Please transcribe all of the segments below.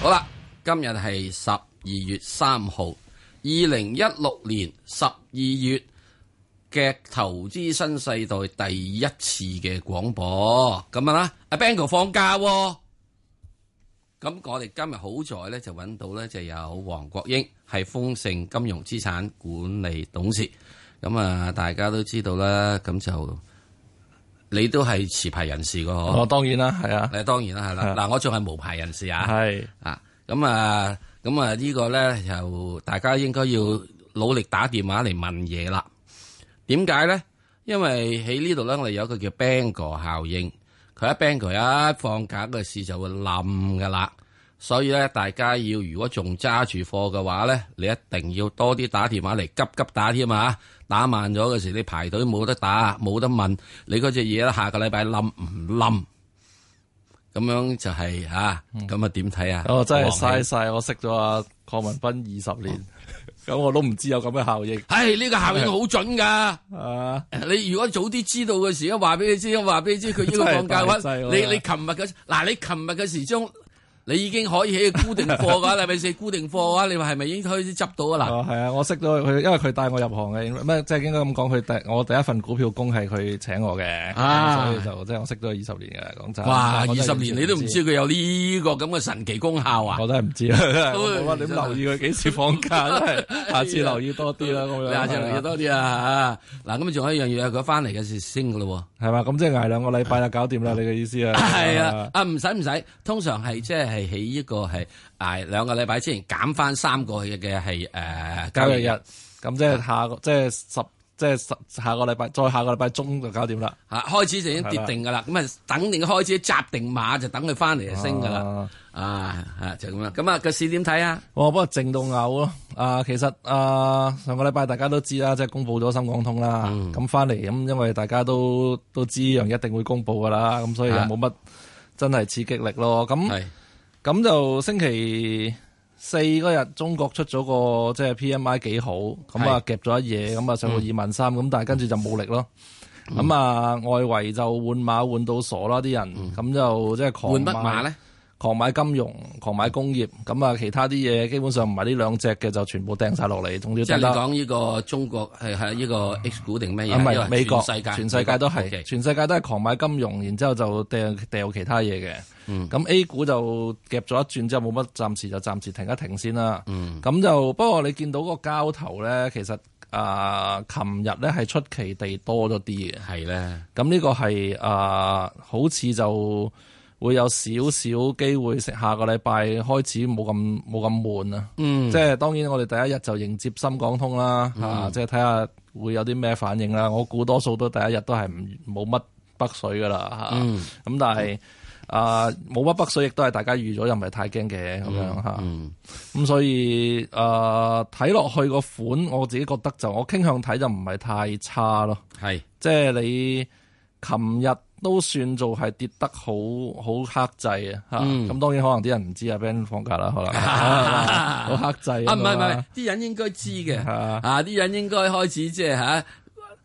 好啦，今日係十二月三號，二零一六年十二月嘅投資新世代第一次嘅廣播，咁啊啦，阿 Bango 放假、哦，咁我哋今日好在咧就揾到咧就有黃國英係豐盛金融資產管理董事，咁啊大家都知道啦，咁就。你都係持牌人士個，我、哦、當然啦，係啊，誒當然啦，係啦，嗱我仲係無牌人士啊，係啊，咁啊，咁啊、嗯啊這個、呢個咧就大家應該要努力打電話嚟問嘢啦。點解咧？因為喺呢度咧，我哋、嗯嗯、有個叫 Bangor 效應，佢、啊、一 Bangor 一放假嘅市就會冧噶啦，所以咧大家要如果仲揸住貨嘅話咧，你一定要多啲打電話嚟急急打添啊！打慢咗嘅時，你排隊冇得打，冇得問你嗰隻嘢下個禮拜冧唔冧？咁樣就係、是、嚇，咁啊點睇啊？我真係嘥晒，我識咗阿鄺文斌二十年，咁我都唔知有咁嘅效應。係、這、呢個效應好準㗎啊！哎、你如果早啲知道嘅時候，我話俾你知，我話俾你知，佢應該放假温。你你琴日嘅嗱、啊，你琴日嘅時鐘。你已經可以喺個固定貨噶啦，係咪先？固定貨嘅話，你話係咪已經可以執到啊？嗱，係啊，我識到佢，因為佢帶我入行嘅，咩即係應該咁講，佢第我第一份股票工係佢請我嘅，所以就即係我識咗二十年嘅講真。哇，二十年你都唔知佢有呢個咁嘅神奇功效啊！我都係唔知，你留意佢幾時放假，下次留意多啲啦。咁樣下次留意多啲啊！嗱，咁啊，仲有一樣嘢係佢翻嚟嘅時先嘅咯，係嘛？咁即係捱兩個禮拜就搞掂啦！你嘅意思啊？係啊，啊唔使唔使，通常係即係係。起呢個係誒，兩個禮拜之前減翻三個嘅係誒交易日，咁即係下個即係、就是、十即係十下個禮拜，再下個禮拜中就搞掂啦吓。開始就已經跌定噶啦，咁啊的等定開始紮定馬就就、啊啊，就等佢翻嚟就升噶啦啊就咁啦。咁啊個市點睇啊？哇不過靜到嘔咯。啊，其實啊上個禮拜大家都知啦，即係公布咗深港通啦。咁翻嚟咁，因為大家都都知，樣一定會公布噶啦，咁所以又冇乜真係刺激力咯。咁。咁就星期四嗰日，中國出咗個即係 PMI 幾好，咁啊夾咗一嘢，咁啊上到二萬三，咁但係跟住就冇力咯。咁、嗯、啊外圍就換馬換到傻啦，啲人咁、嗯、就即係狂換乜馬咧？狂買金融，狂買工業，咁啊，其他啲嘢基本上唔係呢兩隻嘅就全部掟晒落嚟，總之即係你講呢個中國係係呢個 H 股定咩嘢？啊，唔係美國，全世界，全世界都係，okay。全世界都係狂買金融，然之後就掟掉其他嘢嘅。咁、嗯、A 股就夾咗一轉之後冇乜，暫時就暫時停一停先啦。咁、嗯、就不過你見到嗰個交投咧，其實啊，琴日咧係出奇地多咗啲嘅。係咧的。咁呢個係啊、呃，好似就。會有少少機會，食下個禮拜開始冇咁冇咁悶啊！嗯，即係當然我哋第一日就迎接深港通啦，吓、嗯啊、即係睇下會有啲咩反應啦。我估多數都第一日都係唔冇乜北水噶啦，吓、嗯。咁、啊、但係啊冇乜北水，亦都係大家預咗又唔係太驚嘅咁樣吓。咁所以啊睇落去個款，我自己覺得就我傾向睇就唔係太差咯。係。即係你琴日。都算做係跌得好好克制啊！嗯，咁當然可能啲人唔知 啊，邊放假啦，可能好克制啊！唔係唔係，啲人應該知嘅吓，啲人應該開始即係吓，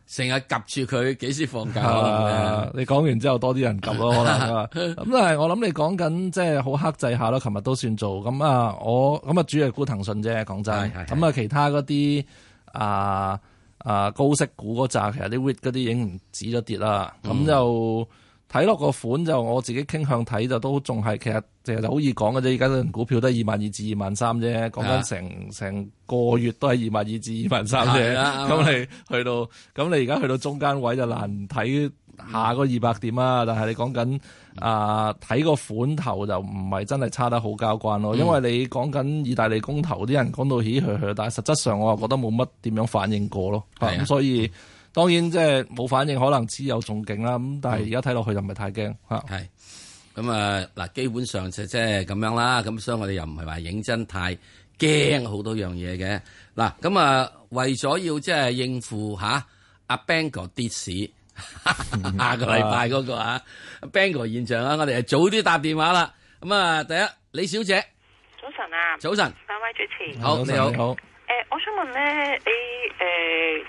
成日及住佢幾時放假。 啊、你講完之後多啲人及咯， 可能咁但係我諗你講緊即係好克制下咯。琴日都算做咁 啊，我咁啊主要係沽騰訊啫，講真。咁啊，其他嗰啲啊。啊高息股嗰扎，其實啲匯嗰啲已經唔止咗跌啦，咁、嗯、就睇落個款就我自己傾向睇就都仲係其實即係好易講嘅啫，而家股票都係二萬二至二萬三啫，講緊成成個月都係二萬二至二萬三啫，咁 你去到咁你而家去到中間位就難睇下個二百點啦。但係你講緊。啊，睇個款頭就唔係真係差得好交關咯，因為你講緊意大利公投啲人講到起起起，但係實質上我又覺得冇乜點樣反應過咯。咁、啊啊、所以當然即係冇反應，可能只有仲勁啦。咁但係而家睇落去就唔係太驚嚇。係、啊，咁啊嗱，基本上就即係咁樣啦。咁所以我哋又唔係話認真太驚好多樣嘢嘅。嗱、啊，咁啊為咗要即係應付吓阿、啊、Bang 個啲市。下個禮拜嗰個啊，Bangor 現場啊，我哋係早啲打電話啦。咁啊，第一李小姐，早晨啊，早晨，兩位主持，好，你好，好。誒，我想問咧，你誒，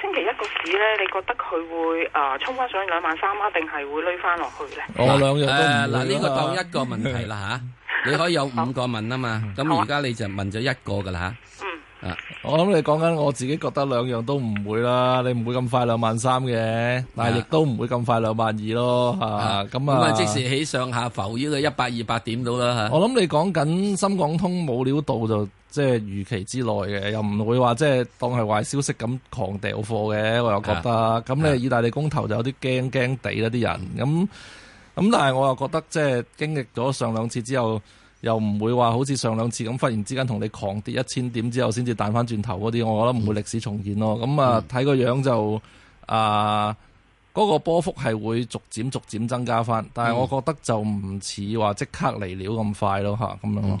星期一個市咧，你覺得佢會啊沖翻上兩萬三啊，定係會累翻落去咧？我兩樣都唔係。嗱，呢個當一個問題啦吓，你可以有五個問啊嘛，咁而家你就問咗一個噶啦。啊、我諗你講緊，我自己覺得兩樣都唔會啦，你唔會咁快兩萬三嘅，但係亦都唔會咁快兩萬二咯，吓咁啊！啊啊即時起上下浮腰嘅一百二百點到啦吓！啊、我諗你講緊深港通冇料到就即係預期之內嘅，又唔會話即係當係壞消息咁狂掉貨嘅，我又覺得咁。你意大利公投就有啲驚驚地啦，啲人咁咁，但係我又覺得即係經歷咗上兩次之後。又唔會話好似上兩次咁忽然之間同你狂跌一千點之後先至彈翻轉頭嗰啲，我覺得唔會歷史重現咯。咁啊、嗯，睇個樣，樣就啊，嗰、呃那個波幅係會逐漸逐漸增加翻，但係我覺得就唔似話即刻嚟料咁快咯吓，咁樣咯。嗯、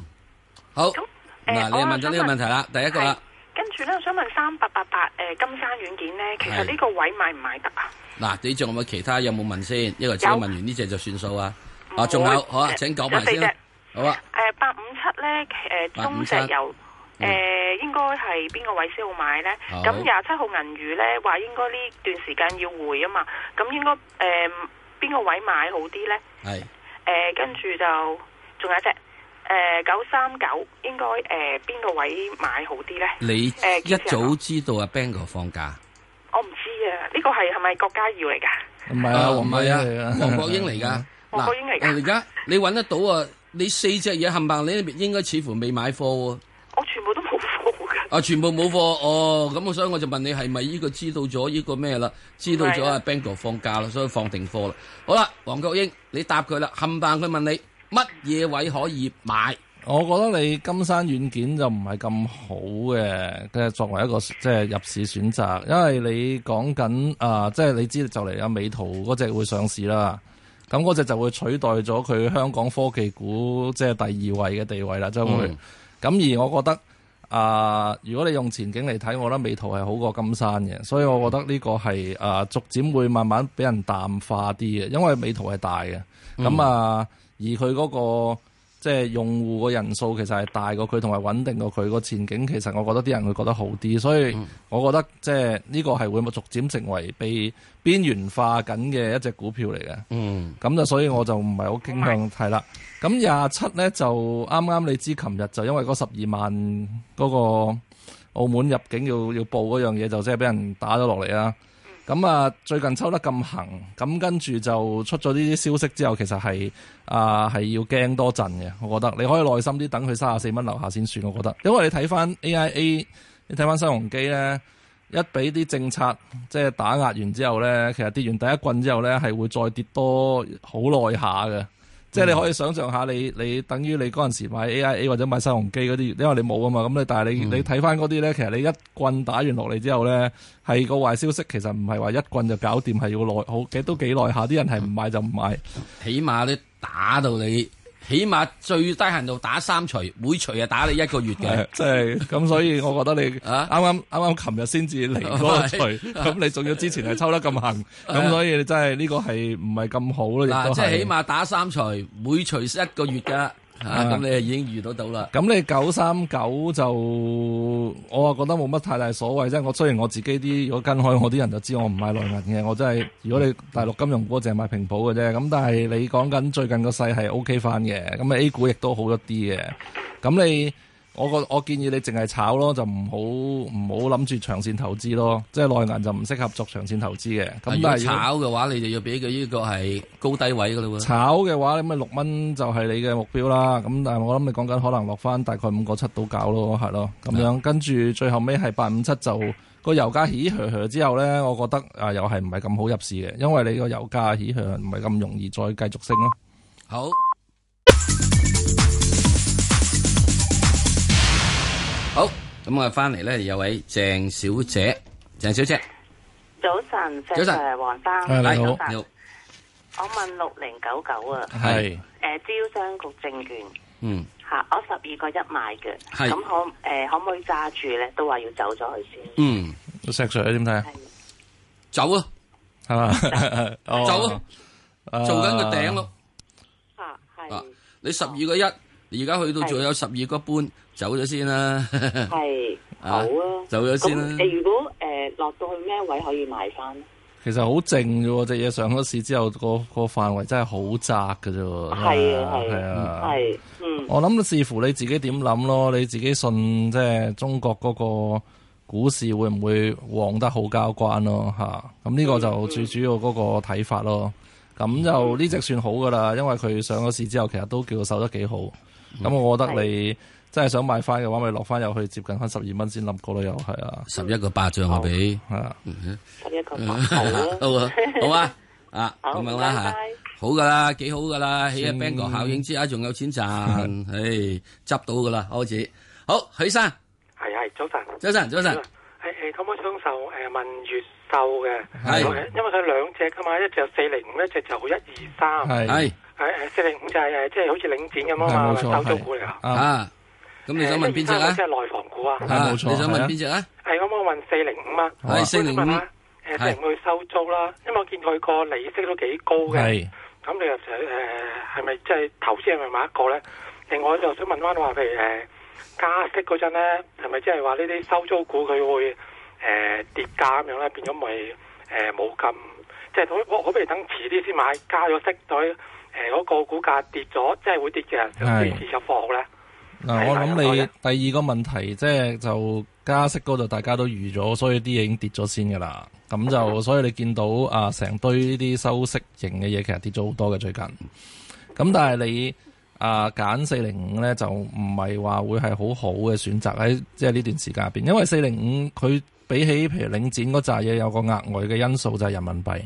好，嗱，呃、你問咗呢個問題啦，第一個啦。跟住呢，我想問三八八八誒金山軟件呢，其實呢個位買唔買得啊？嗱，你仲有冇其他有冇問先？因為有請問完呢隻、這個、就算數啊。啊會，仲有，好啊，請講埋準備 先講。好啊！誒，八五七咧，誒，中石油，誒，應該係邊個位先好買咧？咁廿七號銀娛咧，話應該呢段時間要回啊嘛，咁應該誒邊個位買好啲咧？係誒，跟住就仲有一隻，誒，九三九應該誒邊個位買好啲咧？你誒一早知道阿 Bang 哥放假，我唔知啊，呢個係係咪國家要嚟噶？唔係啊，黃英啊，黃國英嚟噶，黃國英嚟噶，而家你搵得到啊？你四隻嘢冚唪唥，你呢邊應該似乎未買貨喎、啊。我全部都冇貨嘅。啊，全部冇貨哦。咁我所以我就問你，係咪呢個知道咗呢、這個咩啦？知道咗阿 Ben 哥放假啦，所以放定貨啦。好啦，黃國英，你答佢啦。冚唪唥佢問你乜嘢位可以買？我覺得你金山軟件就唔係咁好嘅嘅，作為一個即係、就是、入市選擇，因為你講緊啊，即、呃、係、就是、你知就嚟有美圖嗰隻會上市啦。咁嗰隻就會取代咗佢香港科技股即係、就是、第二位嘅地位啦，將來。咁、嗯、而我覺得啊、呃，如果你用前景嚟睇，我覺得美圖係好過金山嘅，所以我覺得呢個係啊、呃、逐漸會慢慢俾人淡化啲嘅，因為美圖係大嘅，咁、嗯、啊而佢嗰、那個。即係用戶個人數其實係大過佢，同埋穩定過佢，個前景其實我覺得啲人會覺得好啲，所以我覺得即係呢個係會逐漸成為被邊緣化緊嘅一隻股票嚟嘅。咁就、嗯、所以我就唔係好傾向係啦。咁廿七咧就啱啱你知，琴日就因為嗰十二萬嗰個澳門入境要要報嗰樣嘢，就即係俾人打咗落嚟啦。咁啊，最近抽得咁行，咁跟住就出咗呢啲消息之後，其實係啊係要驚多陣嘅。我覺得你可以耐心啲等佢三十四蚊樓下先算。我覺得，因為你睇翻 AIA，你睇翻新鴻基咧，一俾啲政策即係打壓完之後咧，其實跌完第一棍之後咧，係會再跌多好耐下嘅。即係你可以想像下你，你你等於你嗰陣時買 AIA 或者買新鴻基嗰啲，因為你冇啊嘛，咁你但係你你睇翻嗰啲咧，其實你一棍打完落嚟之後咧，係個壞消息，其實唔係話一棍就搞掂，係要耐好嘅，其實都幾耐下，啲人係唔買就唔買，起碼咧打到你。起碼最低限度打三除，每除啊打你一個月嘅，即係咁，所以我覺得你啱啱啊啱啱啱啱琴日先至嚟嗰個除，咁你仲要之前係抽得咁幸，咁 所以你真係呢個係唔係咁好咯？嗱、啊，即係起碼打三除，每除一個月㗎。 啊！咁、啊、你啊已經遇到到啦。咁你九三九就我啊覺得冇乜太大所謂啫。我雖然我自己啲如果跟開我啲人就知我唔買內銀嘅，我真、就、係、是、如果你大陸金融股淨係買平保嘅啫。咁但係你講緊最近個勢係 O K 翻嘅，咁啊 A 股亦都好一啲嘅。咁你。我個我建議你淨係炒咯，就唔好唔好諗住長線投資咯，即係內銀就唔適合作長線投資嘅。咁、這個、如果炒嘅話，你就要俾佢呢個係高低位噶啦。炒嘅話你咪六蚊就係你嘅目標啦。咁但係我諗你講緊可能落翻大概五個七到搞咯，係咯，咁樣嗎跟住最後尾係八五七就個油價起起之後咧，我覺得啊又係唔係咁好入市嘅，因為你個油價起起唔係咁容易再繼續升咯。好。好，咁我哋翻嚟咧，有位鄭小姐。鄭小姐，早晨。早晨，黃生，你好。我問六零九九啊，係，誒，招商局證券，嗯，吓，我十二個一買嘅，係，咁可誒可唔可以揸住咧？都話要走咗去先，嗯，石 Sir 點睇啊？走啊，係嘛，走啊，做緊個頂咯，啊係，你十二個一，而家去到仲有十二個半。走咗先啦，係好啊，走咗先啦。誒，如果誒落到去咩位可以買翻咧？其實好靜啫，隻嘢上咗市之後，個個範圍真係好窄嘅啫。係啊，係啊，係。嗯，我諗視乎你自己點諗咯，你自己信即係中國嗰個股市會唔會旺得好交關咯？吓，咁呢個就最主要嗰個睇法咯。咁就呢隻算好噶啦，因為佢上咗市之後，其實都叫佢守得幾好。咁我覺得你。真係想買翻嘅話，咪落翻入去，接近翻十二蚊先諗過咯，又係啊！十一個百將啊，俾係啊，十一個百，好啊，好啊，啊，咁樣啦吓，好噶啦，幾好噶啦，喺嘅 bangor 效應之下仲有錢賺，唉，執到噶啦，開始好，許生，係係，早晨，早晨，早晨，係係，咁樣雙手誒問月秀嘅，係，因為佢兩隻噶嘛，一隻四零五，一隻就一二三，係，係，誒四零五就係誒即係好似領展咁啊嘛，收租股嚟啦，啊。咁你想問邊隻啊？即係內房股啊，係冇錯。你想問邊隻啊？係咁，我問四零五啊。係四零五啊？係四零五去收租啦，因為我見佢個利息都幾高嘅。係咁，你又想誒，係咪即係投資，係咪買一個咧？另外，我就想問翻話，譬如誒加息嗰陣咧，係咪即係話呢啲收租股佢會誒跌價咁樣咧，變咗咪誒冇咁？即係我我不如等遲啲先買？加咗息，對誒嗰個股價跌咗，即係會跌嘅，咁變咗就放好咧？嗱，我諗你第二個問題，即係就加息嗰度，大家都預咗，所以啲嘢已經跌咗先噶啦。咁就所以你見到啊，成、呃、堆呢啲收息型嘅嘢，其實跌咗好多嘅最近。咁但係你啊揀四零五咧，就唔係話會係好好嘅選擇喺即係呢段時間入邊，因為四零五佢比起譬如領展嗰扎嘢有個額外嘅因素就係人民幣。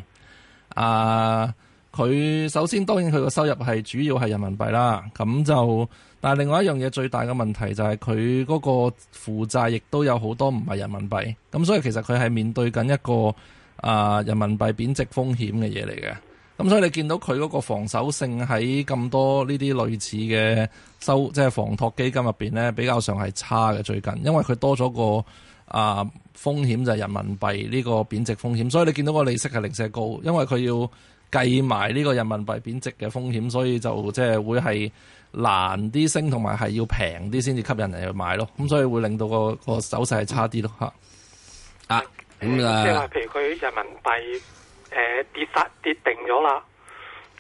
啊、呃，佢首先當然佢個收入係主要係人民幣啦，咁就。但另外一樣嘢最大嘅問題就係佢嗰個負債亦都有好多唔係人民幣，咁所以其實佢係面對緊一個啊、呃、人民幣貶值風險嘅嘢嚟嘅。咁所以你見到佢嗰個防守性喺咁多呢啲類似嘅收即係房託基金入邊咧比較上係差嘅最近，因為佢多咗個啊、呃、風險就係人民幣呢個貶值風險，所以你見到個利息係零舍高，因為佢要計埋呢個人民幣貶值嘅風險，所以就即係會係。難啲升，同埋係要平啲先至吸引人去買咯，咁、嗯、所以會令到個個走勢係差啲咯，吓啊，咁、嗯、啊，即係話譬如佢人民幣誒、呃、跌晒、跌定咗啦，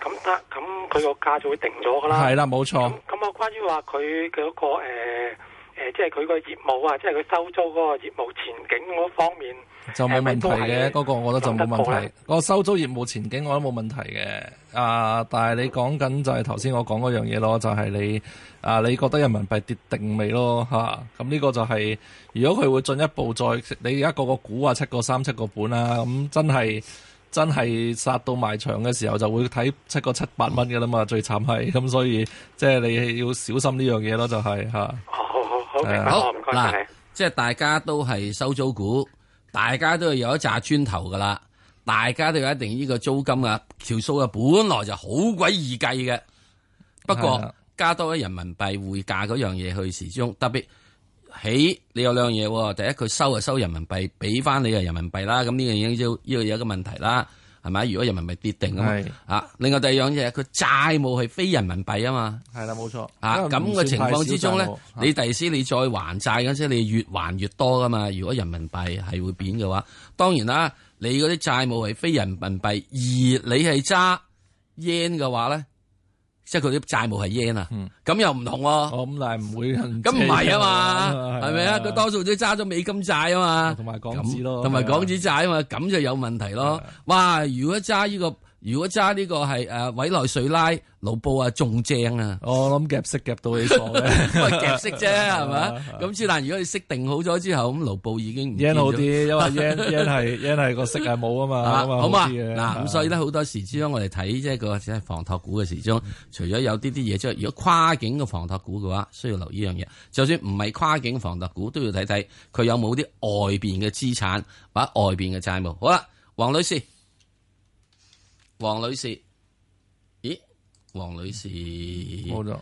咁得咁佢個價就會定咗噶啦，係啦，冇錯。咁啊，關於話佢嘅嗰個誒。呃誒、呃，即係佢個業務啊，即係佢收租嗰個業務前景嗰方面，就冇問題嘅。嗰、呃、個我覺得就冇問題。個收租業務前景我覺得冇問題嘅。啊，但係你講緊就係頭先我講嗰樣嘢咯，就係、是、你啊，你覺得人民幣跌定未咯？嚇、啊，咁呢個就係、是、如果佢會進一步再，你而家個個股啊七個三、七個半啦、啊，咁真係真係殺到賣場嘅時候就會睇七個七八蚊嘅啦嘛，最慘係。咁所以即係、就是、你要小心呢樣嘢咯，就係嚇。好，嗱託，啦即係大家都係收租股，大家都係有一紮磚頭噶啦，大家都有一定呢個租金啊，條數啊，本來就好鬼易計嘅，不過、uh，加多咗人民幣匯價嗰樣嘢佢始終，特別起你有兩樣嘢，第一佢收就收人民幣，俾翻你係人民幣啦，咁呢樣嘢要要有一個問題啦。係咪？如果人民幣跌定啊嘛，的啊！另外第二樣嘢，佢、啊、債務係非人民幣啊嘛，係啦，冇錯啊！咁嘅情況之中咧，的你第時你再還債嘅，即你越還越多噶嘛。如果人民幣係會變嘅話，當然啦，你嗰啲債務係非人民幣，而你係揸 yen 嘅話咧。即係佢啲債務係 yen 啊，咁又唔同喎。哦，咁但係唔會咁唔係啊嘛，係咪啊？佢吧多數都揸咗美金債啊嘛，同埋港紙咯，同埋港紙債啊嘛，咁就有問題咯。哇、啊！如果揸呢個。如果揸呢、這個係誒、啊、委內瑞拉盧布啊，仲正啊！我諗夾色夾到你傻咧，都係夾色啫，係嘛？咁之 但，如果你色定好咗之後，咁盧布已經 yan 好啲，因為 yan 係個色係冇啊嘛， 吧好嘛？嗱、 啊，咁所以咧，好多時之中我哋睇即係個即係房託股嘅時候， 除咗有啲啲嘢之外，如果跨境嘅房託股嘅話，需要留意一樣嘢。就算唔係跨境房託股，都要睇睇佢有冇啲外邊嘅資產或者外邊嘅債務。好啦，黃女士。黃女士，咦？黃女士，冇錯，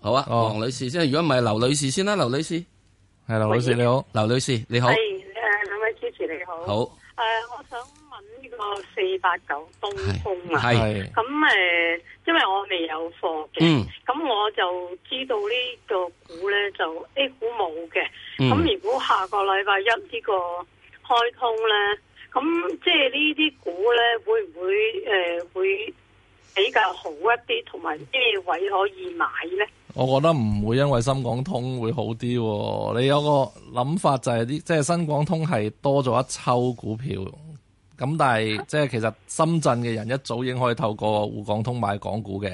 好啊，黃、哦、女士先。如果唔係劉女士先啦、啊，劉女士，係劉女士、啊、你好，劉女士你好，係誒，兩位主持你好？好誒，我想問呢個四八九東風啊，係咁誒，因為我未有貨嘅，咁、嗯、我就知道呢個股咧就 A、欸、股冇嘅，咁、嗯、如果下個禮拜一呢個開通咧？咁、嗯、即係呢啲股咧，會唔會誒、呃、會比較好一啲，同埋啲位可以買咧？我覺得唔會，因為深港通會好啲、哦。你有個諗法就係、是、啲，即係深港通係多咗一抽股票。咁但係即係其實深圳嘅人一早已經可以透過滬港通買港股嘅。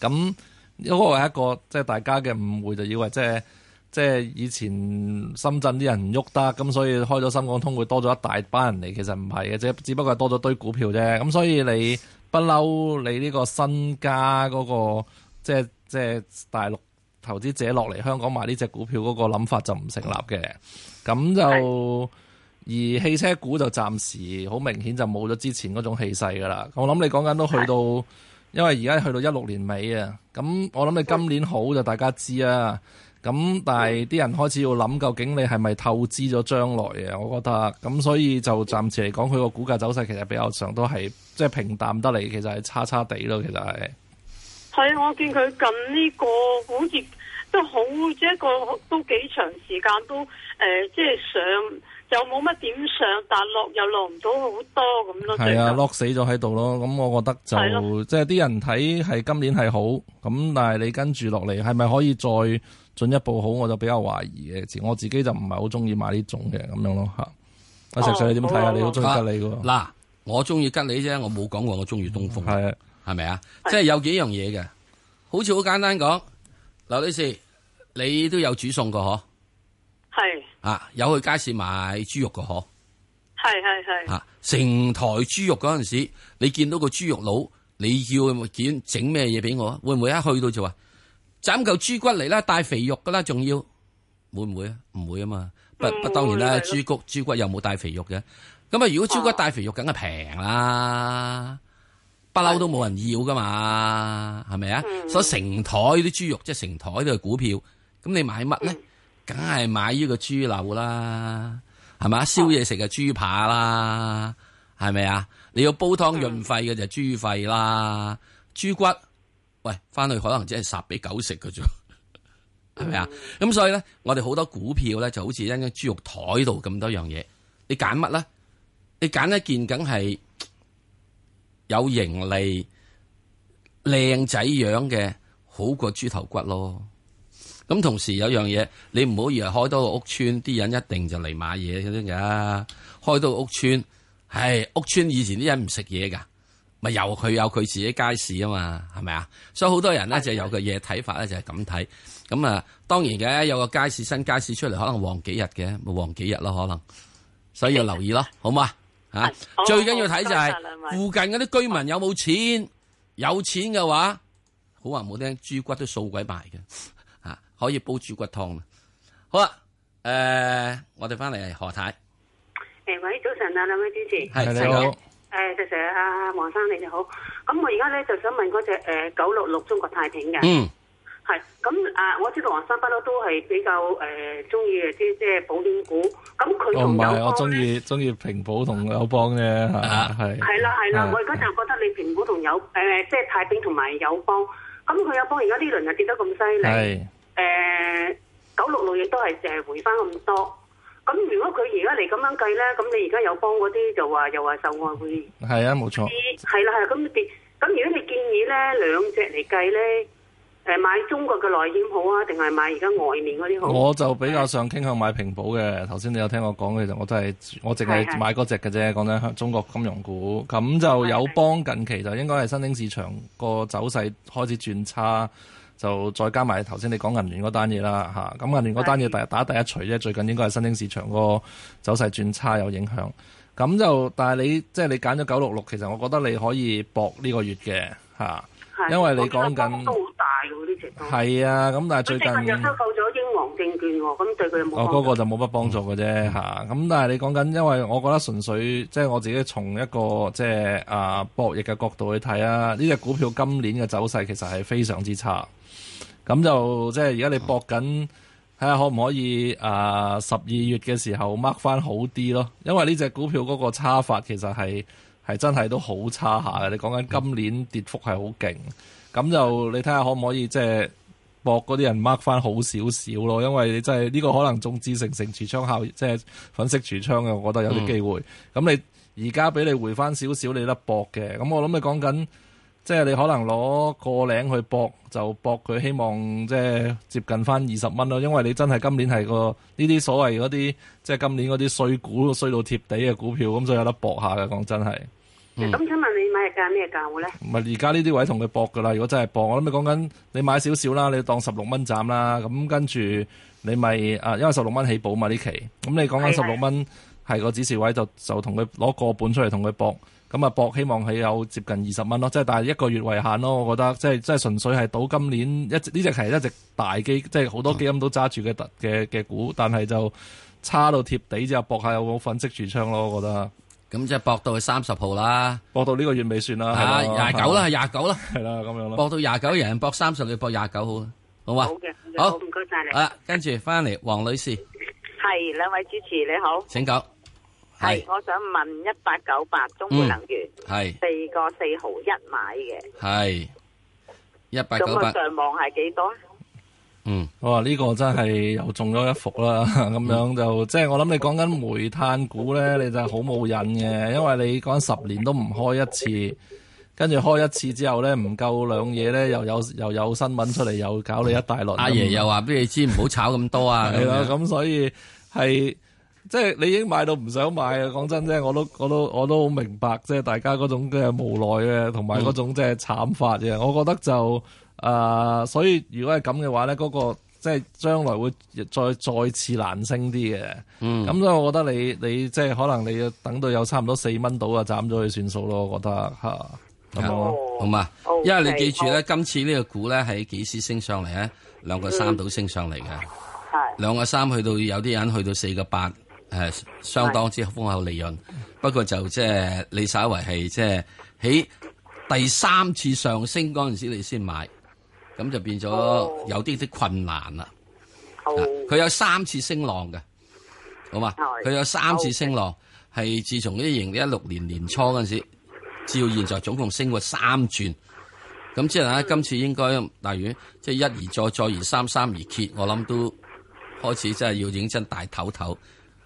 咁因為一個即係大家嘅誤會，就以為即係。即係以前深圳啲人唔喐得，咁所以開咗深港通會多咗一大班人嚟。其實唔係嘅，只只不過係多咗堆股票啫。咁所以你不嬲你呢個新家嗰個即係即係大陸投資者落嚟香港買呢隻股票嗰個諗法就唔成立嘅。咁就而汽車股就暫時好明顯就冇咗之前嗰種氣勢㗎啦。我諗你講緊都去到，因為而家去到一六年尾啊。咁我諗你今年好就大家知啊。咁、嗯、但係啲人開始要諗，究竟你係咪透支咗將來啊？我覺得咁所以就暫時嚟講，佢個股價走勢其實比較上都係即係平淡得嚟，其實係差差地咯。其實係係啊，我見佢近呢、這個好似都好即一、這個都幾長時間都誒，即、呃、係、就是、上又冇乜點上，但落又落唔到好多咁咯。係、就是、啊，落死咗喺度咯。咁我覺得就即係啲人睇係今年係好，咁但係你跟住落嚟係咪可以再？進一步好，我就比較懷疑嘅字，我自己就唔係好中意買呢種嘅咁樣咯嚇。阿石石，哦、你點睇啊？你都中意吉利嘅。嗱，我中意吉利啫，我冇講過我中意東風。係啊、嗯，係咪啊？吧是即係有幾樣嘢嘅，好似好簡單講。劉女士，你都有煮餸嘅嗬？係是。啊，有去街市買豬肉嘅嗬？係係係。啊，成台豬肉嗰陣時，你見到個豬肉佬，你要件整咩嘢俾我？會唔會一去到就話？斬嚿豬骨嚟啦，帶肥肉噶啦，仲要會唔會啊？唔會啊嘛，不不當然啦，豬骨豬骨又冇帶肥肉嘅。咁啊，如果豬骨帶肥肉，梗係平啦，不嬲都冇人要噶嘛，係咪啊？所以成台啲豬肉，即係成台都係股票，咁你買乜咧？梗係買呢個豬柳啦，係咪？宵夜食嘅豬扒啦，係咪啊？你要煲湯潤肺嘅就豬肺啦，豬骨。喂，翻去可能只係殺俾狗食嘅啫，係咪啊？咁、嗯、所以咧，我哋好多股票咧，就好似一間豬肉台度咁多樣嘢，你揀乜咧？你揀一件梗係有盈利、靚仔樣嘅，好過豬頭骨咯。咁同時有樣嘢，你唔好以為開多個屋村，啲人一定就嚟買嘢噶。開多個屋村，係屋村以前啲人唔食嘢噶。咪由佢有佢自己街市啊嘛，係咪啊？所以好多人咧就有個嘢，睇法，咧就係咁睇，咁啊當然嘅，有個街市，新街市出嚟可能旺幾日嘅，咪旺幾日咯可能，所以要留意咯，好嘛？吓，最緊要睇就係附近嗰啲居民有冇錢？有錢嘅話，好話冇聽，豬骨都掃鬼埋嘅。啊，可以煲豬骨湯啦。好啦，誒，我哋翻嚟何太，誒，喂，早晨啊，兩位主持，係你好。誒、哎，謝謝啊，黃生，你哋好。咁、嗯、我而家咧就想問嗰隻誒九六六中國太平嘅，係、嗯。咁、嗯、啊，我知道黃生不嬲都係比較誒中意啲即係保險股。咁佢同友邦我唔係，我中意中意平保同友邦嘅。係。 係啦係啦，啊、我而家就覺得你平保同友誒，即係太平同埋友邦。咁佢友邦而家呢輪就跌得咁犀利。係。誒，九六六亦都係淨係回翻咁多。咁如果佢而家嚟咁樣計呢？咁你而家友邦嗰啲就話又話受外匯，係啊冇錯。係啦係咁，咁、啊啊、如果你建議呢兩隻嚟計呢？誒買中國嘅內險好啊，定係買而家外面嗰啲好？我就比較上傾向買平保嘅。頭先的你有聽我講嘅時我都係我淨係買嗰隻嘅啫。講緊的，說說中國金融股咁就有邦近期就應該係新興市場個走勢開始轉差。就再加埋頭先，你、啊、講、嗯、銀聯嗰單嘢啦嚇。咁銀聯嗰單嘢第日打第一錘啫。最近應該係新興市場個走勢轉差有影響。咁、啊、就但係你即係你揀咗九六六，其實我覺得你可以搏呢個月嘅嚇、啊，因為你講緊都好大啲情係啊。咁、這個啊嗯、但係最近佢收購咗英皇證券咁對佢冇。哦，嗰、那個就冇乜幫助嘅啫嚇。咁、嗯啊、但係你講緊，因為我覺得純粹即係我自己從一個即係啊博弈嘅角度去睇啊，呢隻股票今年嘅走勢其實係非常之差。咁就即係而家你搏緊，睇下可唔可以啊十二月嘅時候 mark 翻好啲咯，因為呢隻股票嗰個差法其實係係真係都好差下嘅。你講緊今年跌幅係好勁，咁、嗯、就你睇下可唔可以即係搏嗰啲人 mark 翻好少少咯，因為你真係呢、這個可能中資成成櫥窗效，即、就、係、是、粉飾櫥窗嘅，我覺得有啲機會。咁、嗯、你而家俾你回翻少少，你得搏嘅。咁我諗你講緊。即係你可能攞個領去博，就博佢希望即係接近翻二十蚊咯。因為你真係今年係個呢啲所謂嗰啲，即係今年嗰啲衰股衰到貼地嘅股票，咁所以有得博下嘅。講真係。咁、嗯、請問你買日價咩價呢位咧？唔係而家呢啲位同佢博嘅啦。如果真係博，我諗你講緊你，你買少少啦，你當十六蚊斬啦。咁跟住你咪啊，因為十六蚊起保嘛呢期。咁你講緊十六蚊。是是係個指示位就就同佢攞個本出嚟同佢博，咁啊博希望係有接近二十蚊咯，即係但係一個月為限咯，我覺得即係即係純粹係賭今年一呢隻係一隻大機，即係好多基金都揸住嘅嘅嘅股，但係就差到貼地之後博下有冇粉飾櫥窗咯，我覺得。咁即係博到三十號啦，博到呢個月尾算啦。嚇，廿九啦，廿九啦，係啦，咁樣咯。博到廿九，有人博三十，你博廿九號好啊。好嘅，好唔該晒你。啊，跟住翻嚟，黃女士，係兩位主持你好。請講。係，我想問一八九八中煤能源係四個四毫一買嘅，係一八九八上望係幾多啊？嗯，哇呢個真係又中咗一幅啦！咁樣就即係我諗你講緊煤炭股咧，你就好冇癮嘅，因為你講十年都唔開一次，跟住開一次之後咧，唔夠兩嘢咧，又有又有新聞出嚟，又搞你一大輪。阿爺又話俾你知唔好 炒咁多啊！係啦，咁所以係。即係你已經買到唔想買啊！講真啫，我都我都我都好明白，即係大家嗰種嘅無奈嘅，同埋嗰種即係慘法嘅。嗯、我覺得就誒、呃，所以如果係咁嘅話咧，嗰、嗰個即係將來會再再次難升啲嘅。嗯，咁所以我覺得你你，你即係可能你要等到有差唔多四蚊到啊，斬咗佢算數咯。我覺得嚇，係嘛？好嘛，因為你記住咧，哦、今次呢個股咧係幾時升上嚟咧？兩個三到升上嚟嘅，係兩、嗯、個三去到有啲人去到四個八。誒，相當之豐厚利潤，的不過就即、就、係、是、你稍為係即係喺第三次上升嗰陣時，你先買，咁就變咗有啲啲困難啦。佢、哦、有三次升浪嘅，好嘛？佢的有三次升浪，係的自從呢二零一六年年初嗰陣時，至現在總共升過三轉。咁即係咧，的今次應該大如，即係一而再，再而三，三而竭，我諗都開始真係要認真大唞唞。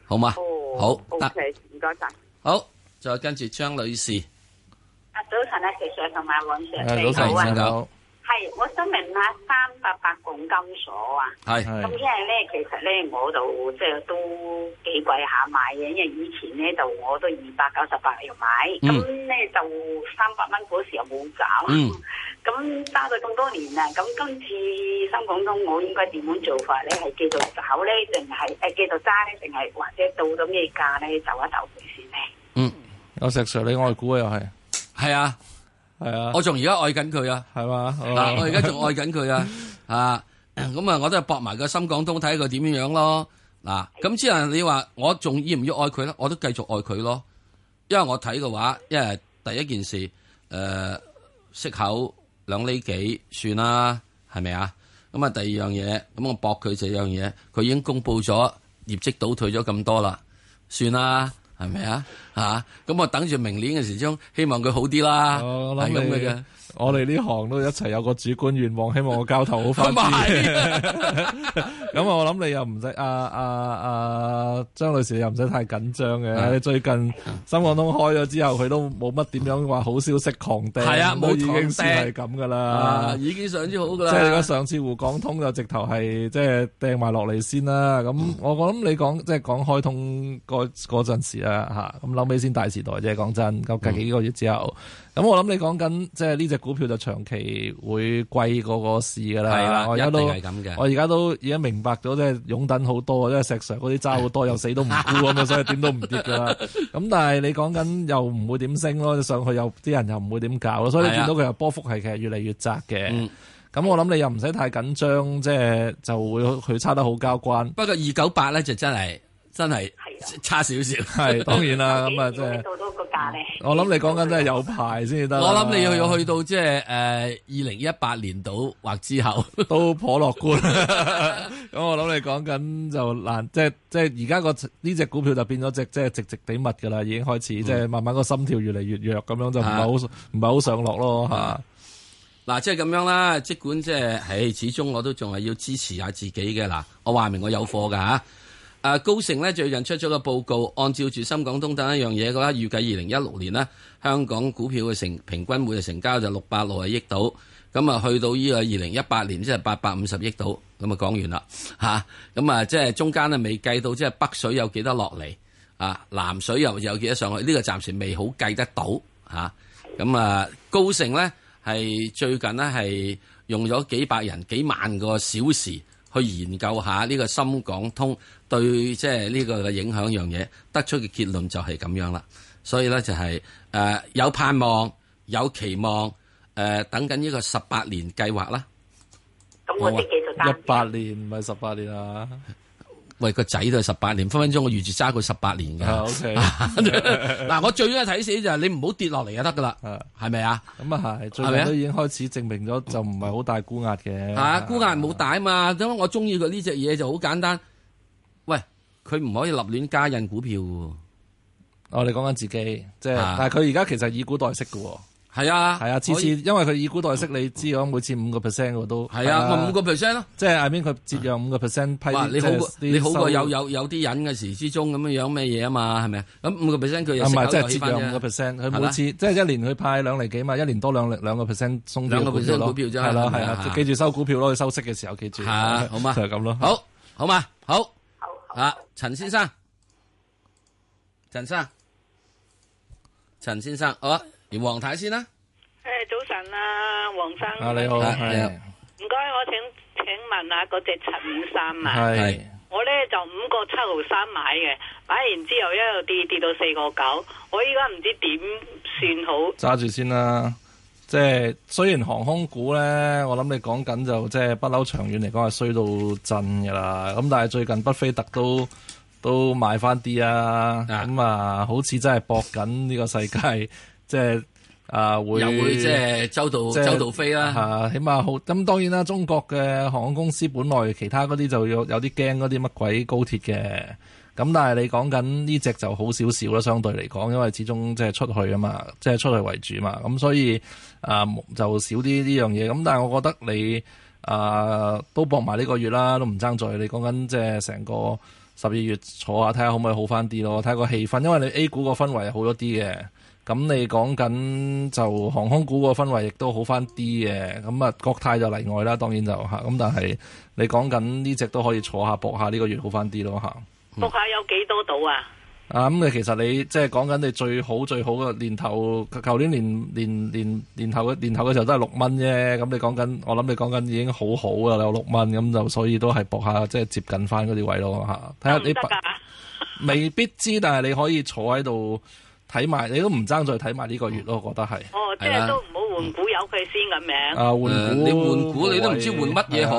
好嘛，oh, 好，O K，唔該晒，okay, thank 好，再跟住張女士。啊，早晨啊是，其實同埋王 Sir，早晨，早請教，係我想問下三百八黃金鎖啊，係咁因為咧，其實咧我就即係都幾貴下買嘅，因為以前咧就我都二百九十八又買，咁咧、嗯、就三百蚊嗰時又冇搞。嗯咁揸咗咁多年啦，咁今次深港通，我應該點樣做法咧？係繼續食口咧，定係誒繼續揸咧，定係或者到咗咩價咧，就一就佢先咧？嗯，有石 Sir，你愛股又係，係啊，係啊，我仲而家愛緊佢啊，係嘛， 我而家仲愛緊佢啊，啊，咁啊我要要，我都係搏埋個深港通，睇佢點樣樣咯。嗱，咁之後你話，我仲要唔要愛佢咧？我都繼續愛佢咯，因為我睇嘅話，因為第一件事，誒、呃，息口。兩厘幾算啦，係咪啊？咁啊，第二樣嘢，咁我搏佢就一樣嘢，佢已經公布咗業績倒退咗咁多啦，算啦，係咪啊？吓，咁我等住明年嘅時鐘，希望佢好啲啦，係咁嘅。我哋呢行都一齊有個主觀願望，希望個交投好翻。咁啊，我諗你又唔使阿阿阿張女士又唔使太緊張嘅。你最近深港通開咗之後，佢都冇乜點樣話好消息狂掟，係啊，冇已經係咁噶啦，已經上之好噶啦。即係如果上次滬港通就直頭係即係掟埋落嚟先啦。咁我諗你講即係講開通嗰嗰陣時啦吓，咁後尾先大時代即係。講真，咁隔幾個月之後，咁我諗你講緊即係呢隻。股票就長期會貴過個市噶啦，的我而家都，都已經明白咗，即係擁躉好多，即係石 s 嗰啲揸好多， 又死都唔沽咁啊，所以點都唔跌噶啦。咁但係你講緊又唔會點升咯，上去又啲人又唔會點搞咯，所以你見到佢又波幅係其實越嚟越窄嘅。咁的我諗你又唔使太緊張，即、就、係、是、就會佢差得好交關。不過二九八咧就真係真係。差少少係，當然啦，咁啊即係到到個價咧，我諗你講緊真係有排先得。我諗你要要去到即係誒二零一八年度或之後都頗樂觀。咁我諗你講緊就難，即係即係而家個呢隻股票就變咗隻即係直直地密嘅啦，已經開始即係慢慢個心跳越嚟越弱，咁樣就唔係好唔係好上落咯嚇。嗱，即係咁樣啦，即管即係，誒，始終我都仲係要支持下自己嘅嗱，我話明我有貨㗎嚇。啊，高盛咧最近出咗個報告，按照住深港通等一樣嘢嘅話，預計二零一六年咧香港股票嘅成平均每日成交就六百六十億到。咁啊去到呢個二零一八年即係八百五十億到。咁啊講完啦嚇，咁啊即係中間咧未計到即係北水有幾多落嚟啊，南水又有幾多上去？呢個暫時未好計得到嚇。咁啊高盛呢係最近咧係用咗幾百人幾萬個小時去研究下呢個深港通。對，即係呢個嘅影響樣嘢，得出嘅結論就係咁樣啦。所以咧就係、是、誒、呃、有盼望，有期望，誒、呃、等緊呢個十八年計劃啦。咁我一八年唔係十八年啊！喂，個仔都係十八年，分分鐘我預住揸佢十八年㗎。嗱，我最一睇死要就係你唔好跌落嚟就得㗎啦，係咪啊？咁啊係，最近都已經開始證明咗就唔係好大股壓嘅。嚇、啊，股壓冇大啊嘛，因為、啊啊、我中意佢呢隻嘢就好簡單。佢唔可以立亂加印股票，我哋講緊自己，即係，但係佢而家其實以股代息嘅，係啊，係啊，次次因為佢以股代息，你知啊，每次五個 percent 都係啊，五個 percent 咯，即係下邊佢折讓五個 percent 批，你好過你好過有有有啲人嘅時之中咁樣樣咩嘢啊嘛，係咪？咁五個 percent 佢唔係即係折讓五個 percent，佢每次即係一年去派兩厘幾嘛，一年多兩兩個 percent 送兩個 percent 股票啫係係啊，記住收股票咯，收息嘅時候記住吓，好嘛，就咁咯，好，好嘛，好。啊，陳先生，陳生，陳先生，好啊，黃太先啦，啊，誒，hey, 早晨啊，黃生，啊你好，唔該，我請請問下嗰隻七五三啊，係，我咧就五個七毫三買嘅，買完之後一路跌跌到四個九，我依家唔知點算好，揸住先啦。即係雖然航空股咧，我諗你講緊就是、即係不嬲長遠嚟講係衰到震㗎啦。咁但係最近巴菲特都都買翻啲啊。咁啊，好似真係搏緊呢個世界， 即係。啊，會又會即係周到度，周到飛啦、啊。啊，起碼好。咁、嗯、當然啦，中國嘅航空公司本來其他嗰啲就有有啲驚嗰啲乜鬼高鐵嘅。咁、嗯、但係你講緊呢隻就好少少啦，相對嚟講，因為始終即係出去啊嘛，即、就、係、是、出去為主嘛。咁、嗯、所以啊，就少啲呢樣嘢。咁、嗯、但係我覺得你啊都搏埋呢個月啦，都唔爭在你講緊即係成個十二月坐下睇下可唔可以好返啲咯，睇下個氣氛，因為你 A 股個氛圍好咗啲嘅。咁、嗯、你講緊就航空股個氛圍亦都好翻啲嘅，咁啊國泰就例外啦，當然就吓，咁、嗯、但係你講緊呢隻都可以坐下搏下呢個月好翻啲咯吓，嗯、搏下有幾多度啊？啊咁啊，其實你即係講緊你最好最好嘅年頭，舊年年年年年頭嘅年頭嘅時候都係六蚊啫，咁、嗯、你講緊我諗你講緊已經好好啊，你有六蚊咁就所以都係搏下，即、就、係、是、接近翻嗰啲位咯吓，睇、嗯、下你可可 未必知，但係你可以坐喺度。睇埋你都唔爭再睇埋呢個月咯，我覺得係。哦，即係都唔好換股有佢先嘅名。啊，換股你換股你都唔知換乜嘢好，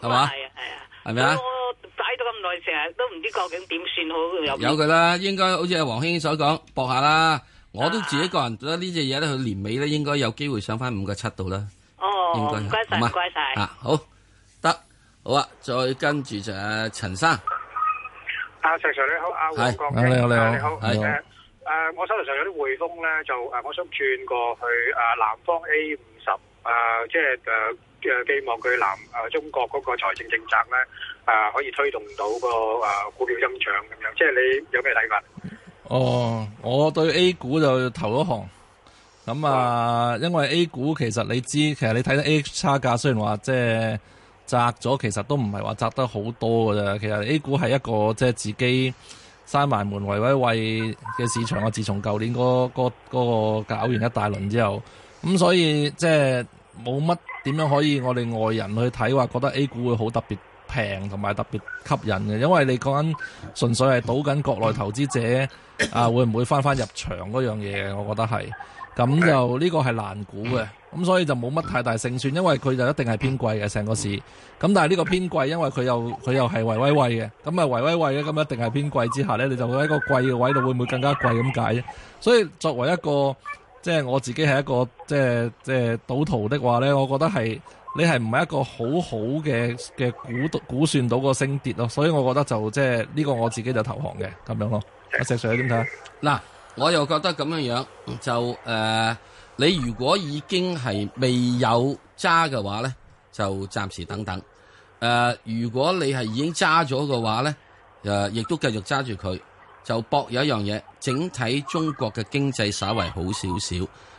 係嘛？係啊係啊，係咪啊？我擺到咁耐成日都唔知究竟點算好有。有佢啦，應該好似阿黃兄所講，搏下啦。我都自己個人覺得呢隻嘢咧，佢年尾咧應該有機會上返五個七度啦。哦，唔該晒唔該晒。啊好得好啊，再跟住就阿陳生。阿陳 Sir 你好，阿黃國興。係，你好你好。係嘅。誒，我手頭上有啲匯豐咧，就誒，我想轉過去誒南方 A 五十，誒，即係誒誒，寄望佢南誒中國嗰個財政政策咧，誒，可以推動到個誒股票增長咁樣。即係你有咩睇法？哦，我對 A 股就投咗行。咁、嗯、啊，因為 A 股其實你知，其實你睇得 A H 差價，雖然話即係窄咗，其實都唔係話窄得好多嘅啫。其實 A 股係一個即係自己。閂埋門圍圍圍嘅市場，我自從舊年嗰嗰嗰個搞完一大輪之後，咁所以即係冇乜點樣可以我哋外人去睇，話覺得 A 股會好特別平同埋特別吸引嘅。因為你講緊純粹係賭緊國內投資者啊會唔會翻翻入場嗰樣嘢，我覺得係。咁就呢個係難估嘅，咁所以就冇乜太大勝算，因為佢就一定係偏貴嘅成個市。咁但係呢個偏貴，因為佢又佢又係維威位嘅，咁啊維威位咧，咁一定係偏貴之下呢，你就會喺個貴嘅位度會唔會更加貴咁解？所以作為一個即係、就是，我自己係一個即係即係賭徒的話咧，我覺得係你係唔係一個好好嘅嘅估估算到個升跌咯？所以我覺得就即係呢個我自己就投降嘅咁樣咯。阿石水點睇？嗱。我又覺得咁樣樣就誒、呃，你如果已經係未有揸嘅話呢，就暫時等等。誒、呃，如果你係已經揸咗嘅話呢，誒、呃，亦都繼續揸住佢，就博有一樣嘢，整體中國嘅經濟稍為好少少，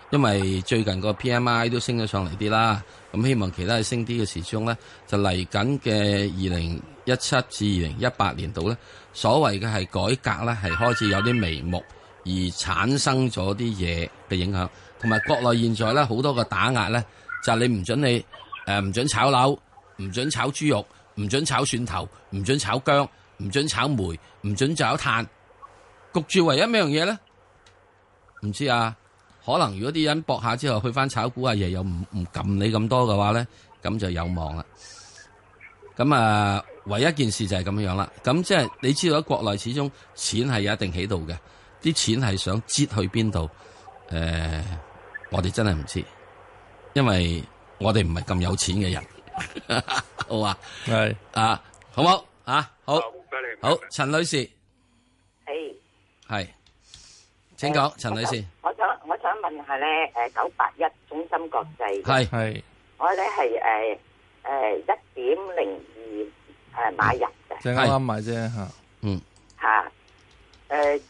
因為最近個 PMI 都升咗上嚟啲啦。咁希望其他係升啲嘅時鐘呢，就嚟緊嘅二零一七至二零一八年度呢，所謂嘅係改革呢，係開始有啲眉目。而產生咗啲嘢嘅影響，同埋國內現在咧好多嘅打壓咧，就係、是、你唔准你誒唔、呃、准炒樓，唔准炒豬肉，唔准炒蒜頭，唔准炒薑，唔准炒煤，唔准炒炭，焗住唯一咩樣嘢咧？唔知啊，可能如果啲人搏下之後去翻炒股啊，嘢又唔唔撳你咁多嘅話咧，咁就有望啦。咁啊，唯一件事就係咁樣啦。咁即係你知道喺國內始終錢係有一定喺度嘅。啲錢係想擠去邊度？誒、呃，我哋真係唔知，因為我哋唔係咁有錢嘅人。好啊，係啊，好冇好，唔、啊、該好，陳女士，係，係，請講，陳、呃、女士。我想，我想問下咧，誒、呃，九八一中心國際係係，是我哋係誒誒一點零二誒買入嘅，正啱啱買啫吓，02, 呃、1. 嗯吓誒。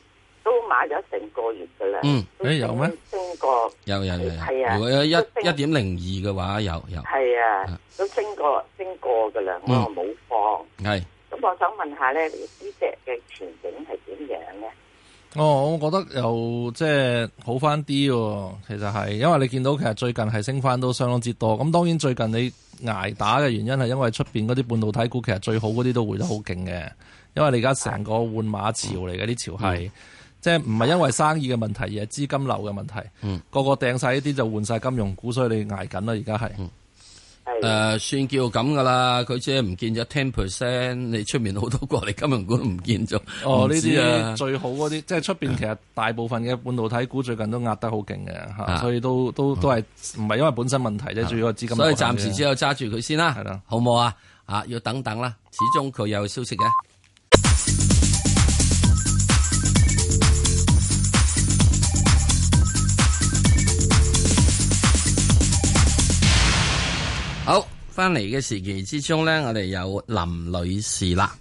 都買咗成個月嘅啦。嗯，誒升有咩嗎升過？有有有。係啊。如果一一點零二嘅話，有有。係啊，啊都升過升過嘅啦，嗯、我冇貨。係是。咁我想問下咧，呢隻嘅前景係點樣咧？哦，我覺得又即係好翻啲喎。其實係，因為你見到其實最近係升翻都相當之多。咁當然最近你捱打嘅原因係因為出邊嗰啲半導體股其實最好嗰啲都回得好勁嘅，因為你而家成個換馬潮嚟嘅啲潮係。嗯嗯即係唔係因為生意嘅問題，而係資金流嘅問題。嗯、個個掟晒呢啲就換晒金融股，所以你捱緊啦。而家係，誒、嗯呃、算叫咁㗎啦。佢即係唔見咗 ten percent，你出面好多國力金融股都唔見咗。哦，呢啲、啊、最好嗰啲，即係出邊其實大部分嘅半導體股最近都壓得好勁嘅吓，啊、所以都都都係唔係因為本身問題啫，主要係資金、啊。所以暫時只有揸住佢先啦。係啦的，好唔好啊？啊，要等等啦，始終佢有消息嘅。翻嚟嘅時期之中咧，我哋有林女士啦。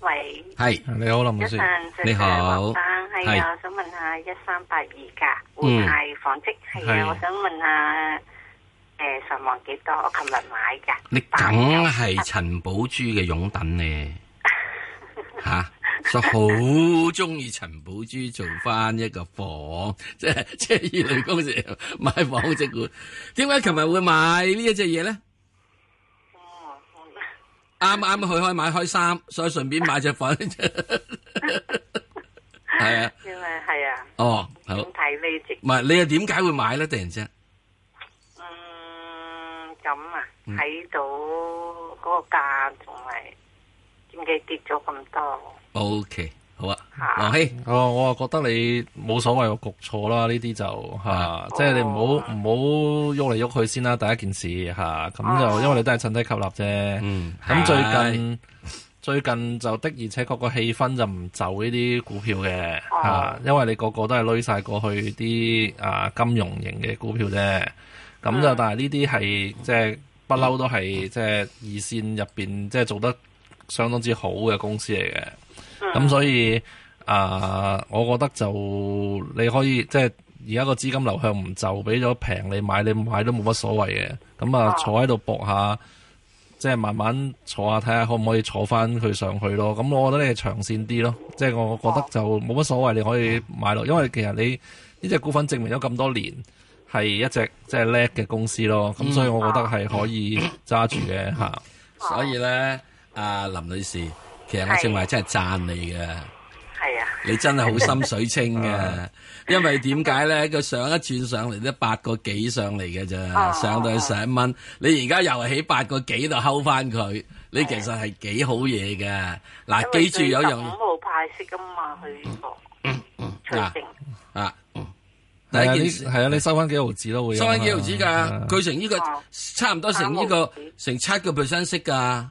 喂，係是你好，林女士，你好。係啊，是我想問一下一三八二噶，係紡織，係啊、嗯，我想問下誒上網幾多？我琴日買嘅，你梗係陳寶珠嘅擁躉呢。吓、啊 啊，所以好中意陳寶珠做翻一個房，即係即係二零公時買紡織股，點解琴日會買，這個、會買呢一隻嘢咧？啱啱去開買開衫，所以順便買隻粉。係啊，因為係啊。哦，好。睇呢隻。唔係，你又點解會買咧？突然之間。嗯，咁啊，睇到嗰個價仲係點解跌咗咁多？OK。好啊，啊嘿，我我啊覺得你冇所謂個局錯啦，呢啲就吓，即係你唔好唔好喐嚟喐去先啦，第一件事吓，咁就因為你都係趁低吸納啫，咁最近最近就的而且確個氣氛就唔就呢啲股票嘅吓，因為你個個都係撈晒過去啲啊金融型嘅股票啫，咁就但係呢啲係即係不嬲都係即係二線入邊即係做得相當之好嘅公司嚟嘅。咁所以，啊，uh，我覺得就你可以即係而家個資金流向唔就，俾咗平你買你買都冇乜所謂嘅。咁啊，坐喺度搏下，即係慢慢坐下睇下可唔可以坐翻佢上去咯。咁我覺得你長線啲咯，即係我覺得就冇乜所謂，你可以買落。因為其實你呢隻股份證明咗咁多年係一隻即係叻嘅公司咯。咁所以，嗯嗯、所以，我覺得係可以揸住嘅吓。所以咧，啊林女士。其實我正話真係讚你嘅，你真係好心水清嘅。因為點解咧？佢上一轉上嚟都八個幾上嚟嘅咋，啊、上到去十一蚊。你而家又起八個幾度溝翻佢，你其實係幾好嘢嘅。嗱、啊，記住有樣。五號派息噶嘛，佢、這個長、嗯嗯嗯、啊。第一件事係啊，你收翻幾毫子咯會。收翻幾毫子噶，佢、啊啊、成呢、這個差唔多成呢、這個成七個 percent 息噶。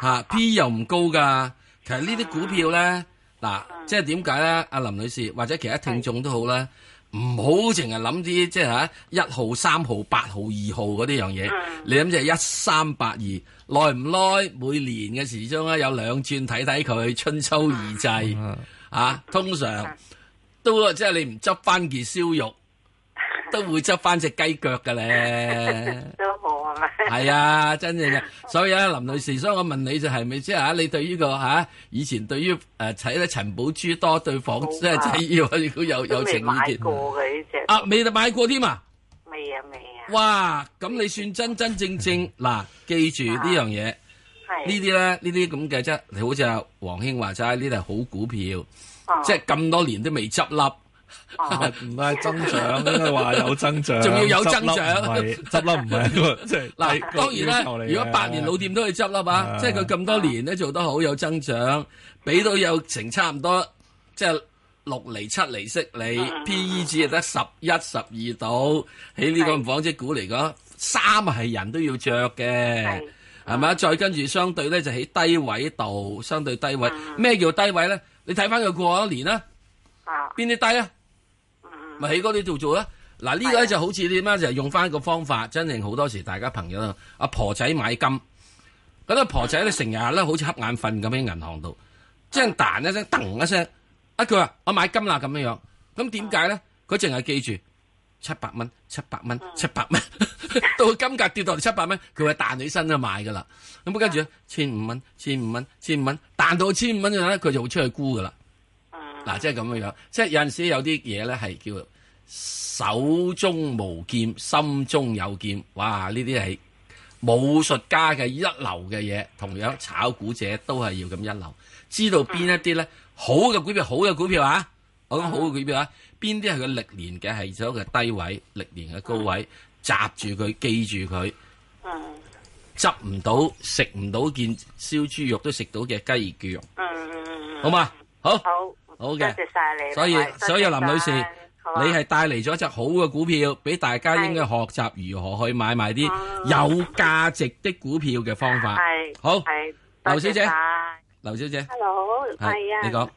吓、啊，P 又唔高噶，其實呢啲股票咧，嗱、啊，即係點解咧？阿林女士或者其他聽眾都好咧，唔好淨係諗啲即係吓一號、三號、八號、二號嗰啲樣嘢，嗯、你諗就係一三八二，耐唔耐每年嘅時鐘咧有兩轉睇睇佢春秋二季，嗯、啊，通常都即係你唔執翻件燒肉， 都會執翻隻雞腳噶咧。係 啊，真正嘅。所以啊，林女士，所以我問你就係咪即係啊？你對呢個吓、啊、以前對於誒睇咧陳寶珠多對房即係仔要要有有情意結，都未買過呢隻。啊，未就買過添啊。未啊，未啊。哇，咁你算真真正正嗱、 啊，記住、啊、呢樣嘢，呢啲咧呢啲咁嘅啫。你好似阿黃兄話齋呢啲係好股票，即係咁多年都未執笠。唔係增長，都話有增長，仲要有增長，執笠唔係，即係嗱，當然啦，如果八年老店都去執笠啦嘛，即係佢咁多年咧做得好，有增長，俾到有成差唔多，即係六厘七厘息，你 P E 只係得十一十二度，喺呢個紡織股嚟講，衫係人都要着嘅，係咪？再跟住相對咧就喺低位度，相對低位，咩叫低位咧？你睇翻佢過咗一年啦，邊啲低啊？咪喺嗰啲度做啦，嗱呢個咧就好似你點咧，就係、用翻個方法，真正好多時大家朋友啊，阿婆仔買金，咁阿婆仔咧成日咧好似瞌眼瞓咁喺銀行度，即係彈一聲，噔一聲，啊佢話我買金啦咁樣樣，咁點解咧？佢淨係記住七百蚊、七百蚊、七百蚊，百 到金價跌到七百蚊，佢話彈起身就買噶啦，咁跟住咧千五蚊、千五蚊、千五蚊，彈到千五蚊嗰陣咧，佢就會出去沽噶啦。嗱，即係咁嘅樣，即係有陣時有啲嘢咧，係叫手中無劍，心中有劍。哇！呢啲係武術家嘅一流嘅嘢，同樣炒股者都係要咁一流，知道邊一啲咧好嘅股票，好嘅股票啊！我講好嘅股票啊，邊啲係佢歷年嘅係咁嘅低位，歷年嘅高位，閘住佢，記住佢，嗯，執唔到，食唔到，件燒豬肉都食到嘅雞翼嘅肉，嗯，好嘛，好。好嘅，謝晒你。所以，所有林女士，你係帶嚟咗一隻好嘅股票俾大家，應該學習如何去買賣啲有價值的股票嘅方法。係好，劉小姐，劉小姐，hello，係啊，你講，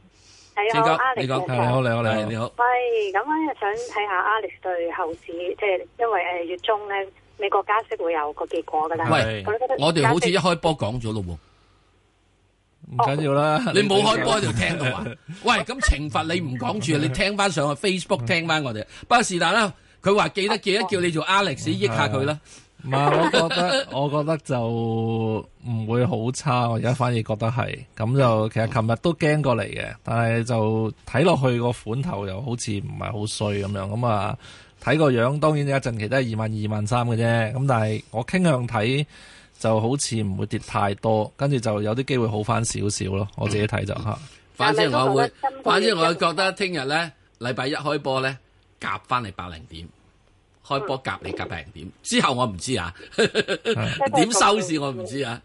陳哥，你講，你好，你好，你好，你好。喂，咁樣，我又想睇下 Alex 對後市，即係因為誒月中咧，美國加息會有個結果噶啦。喂，我哋好似一開波講咗咯。唔緊要啦，你冇開波就 聽到啊！喂，咁懲罰你唔講住，你聽翻上去 Facebook 聽翻我哋。不過是但啦，佢話記得記得叫你做 Alex 益下佢啦。唔係、嗯啊嗯，我覺得我覺得就唔會好差。我而家反而覺得係咁就，嗯嗯、 其實琴日都驚過嚟嘅，但係就睇落去個款頭又好似唔係好衰咁樣。咁啊，睇個樣，當然有一陣期都係二萬二萬三嘅啫。咁但係我傾向睇。就好似唔會跌太多，跟住就有啲機會好翻少少咯。我自己睇就嚇。嗯、反正我會，反正我覺得聽日咧，禮拜一開波咧，夾翻你百零點。開波夾你夾百零點之後，我唔知啊。點 收市我唔知啊。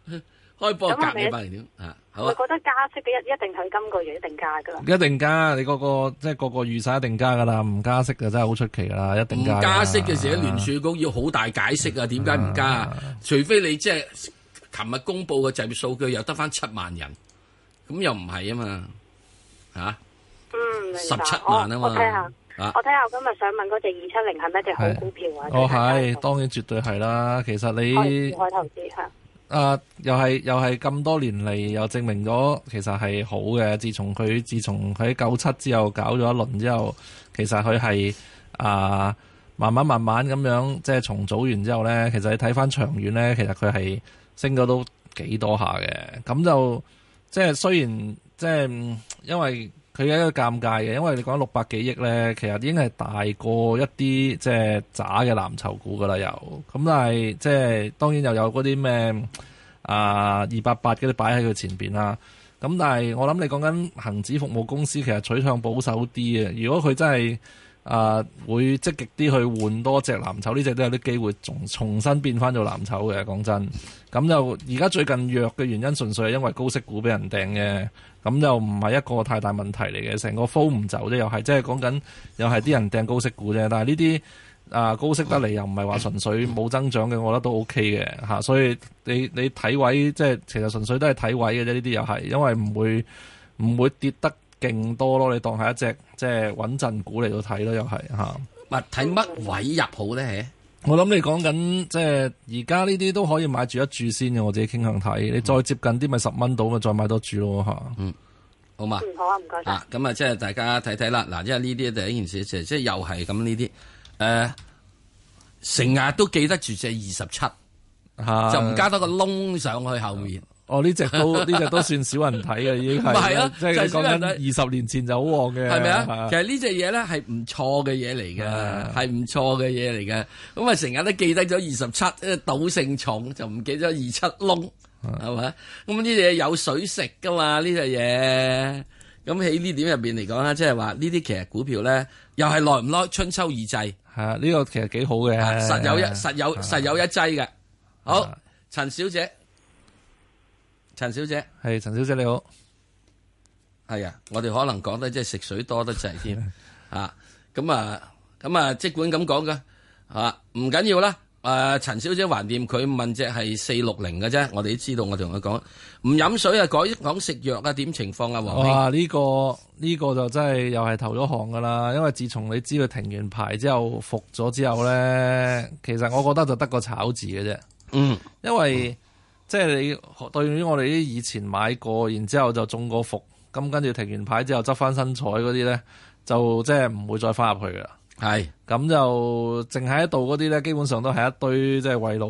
開波夾你百零點啊。我覺得加息嘅一一定係今個月一定加噶啦，一定加，你個個即係個個預晒一定加噶啦，唔加息就真係好出奇啦，一定加。加息嘅時候，聯儲局要好大解釋啊，點解唔加啊？除非你即係琴日公佈嘅就業數據又得翻七萬人，咁又唔係啊嘛吓？嗯，十七萬啊嘛。我睇下，我睇下我今日想問嗰隻二七零係咪一隻好股票啊？哦，係當然絕對係啦。其實你唔投資嚇。啊！又係又係咁多年嚟，又證明咗其實係好嘅。自從佢自從喺九七之後搞咗一輪之後，其實佢係啊，慢慢慢慢咁樣即係重組完之後咧，其實你睇返長遠咧，其實佢係升咗都幾多下嘅。咁就即係雖然即係因為。佢有一個尷尬嘅，因為你講六百幾億咧，其實已經係大過一啲即係渣嘅藍籌股噶啦，又咁但係即係當然又有嗰啲咩啊二八八嗰啲擺喺佢前邊啦，咁但係我諗你講緊恒指服務公司其實取向保守啲啊，如果佢真係。啊，會積極啲去換多隻藍籌，呢隻都有啲機會重重新變翻做藍籌嘅。講真，咁就而家最近弱嘅原因，純粹係因為高息股俾人掟嘅，咁又唔係一個太大問題嚟嘅。成個風唔走啫、就是，又係即係講緊又係啲人掟高息股啫。但係呢啲啊高息得嚟又唔係話純粹冇增長嘅，我覺得都 O K 嘅吓。所以你你睇位即係其實純粹都係睇位嘅啫。呢啲又係因為唔會唔會跌得勁多咯。你當係一隻。即係穩陣股嚟到睇咯，又係吓。咪睇乜位入好咧？我諗你講緊即係而家呢啲都可以買住一注先嘅，我自己傾向睇。嗯、你再接近啲咪十蚊到咪再買多注咯吓。啊、嗯，好嘛、嗯。好啊，唔該。咁啊，即係大家睇睇啦。嗱、啊，因為呢啲第一件事，即係即係又係咁呢啲。誒、啊，成日都記得住只二十七，就唔加多個窿上去後面。嗯嗯嗯嗯哦，呢隻都呢隻都算少人睇嘅，已經係即係講緊二十年前就好旺嘅，係咪啊？其實呢隻嘢咧係唔錯嘅嘢嚟嘅，係唔錯嘅嘢嚟嘅。咁啊成日都記得咗二十七，因為賭性重就唔記咗二七窿，係咪？咁呢隻嘢有水食噶嘛？呢隻嘢咁喺呢點入邊嚟講咧，即係話呢啲其實股票咧又係耐唔耐春秋二祭係啊？呢個其實幾好嘅，實有一實有實有一劑嘅。好，陳小姐。陳小姐係，陳小姐你好，係啊，我哋可能講得即係食水多得滯添啊，咁啊咁啊，即管咁講噶啊，唔緊要啦。誒、呃，陳小姐還掂佢問只係四六零嘅啫，我哋都知道我，我同佢講唔飲水啊，改講食藥啊，點情況啊？哇，呢、這個呢、這個就真係又係投咗行噶啦，因為自從你知佢停完牌之後復咗之後咧，其實我覺得就得個炒字嘅啫，嗯，因為。嗯即係你對於我哋啲以前買過，然之後就中過伏，咁跟住停完牌之後執翻身彩嗰啲咧，就即係唔會再翻入去噶。係咁是就淨喺度嗰啲咧，基本上都係一堆即係為老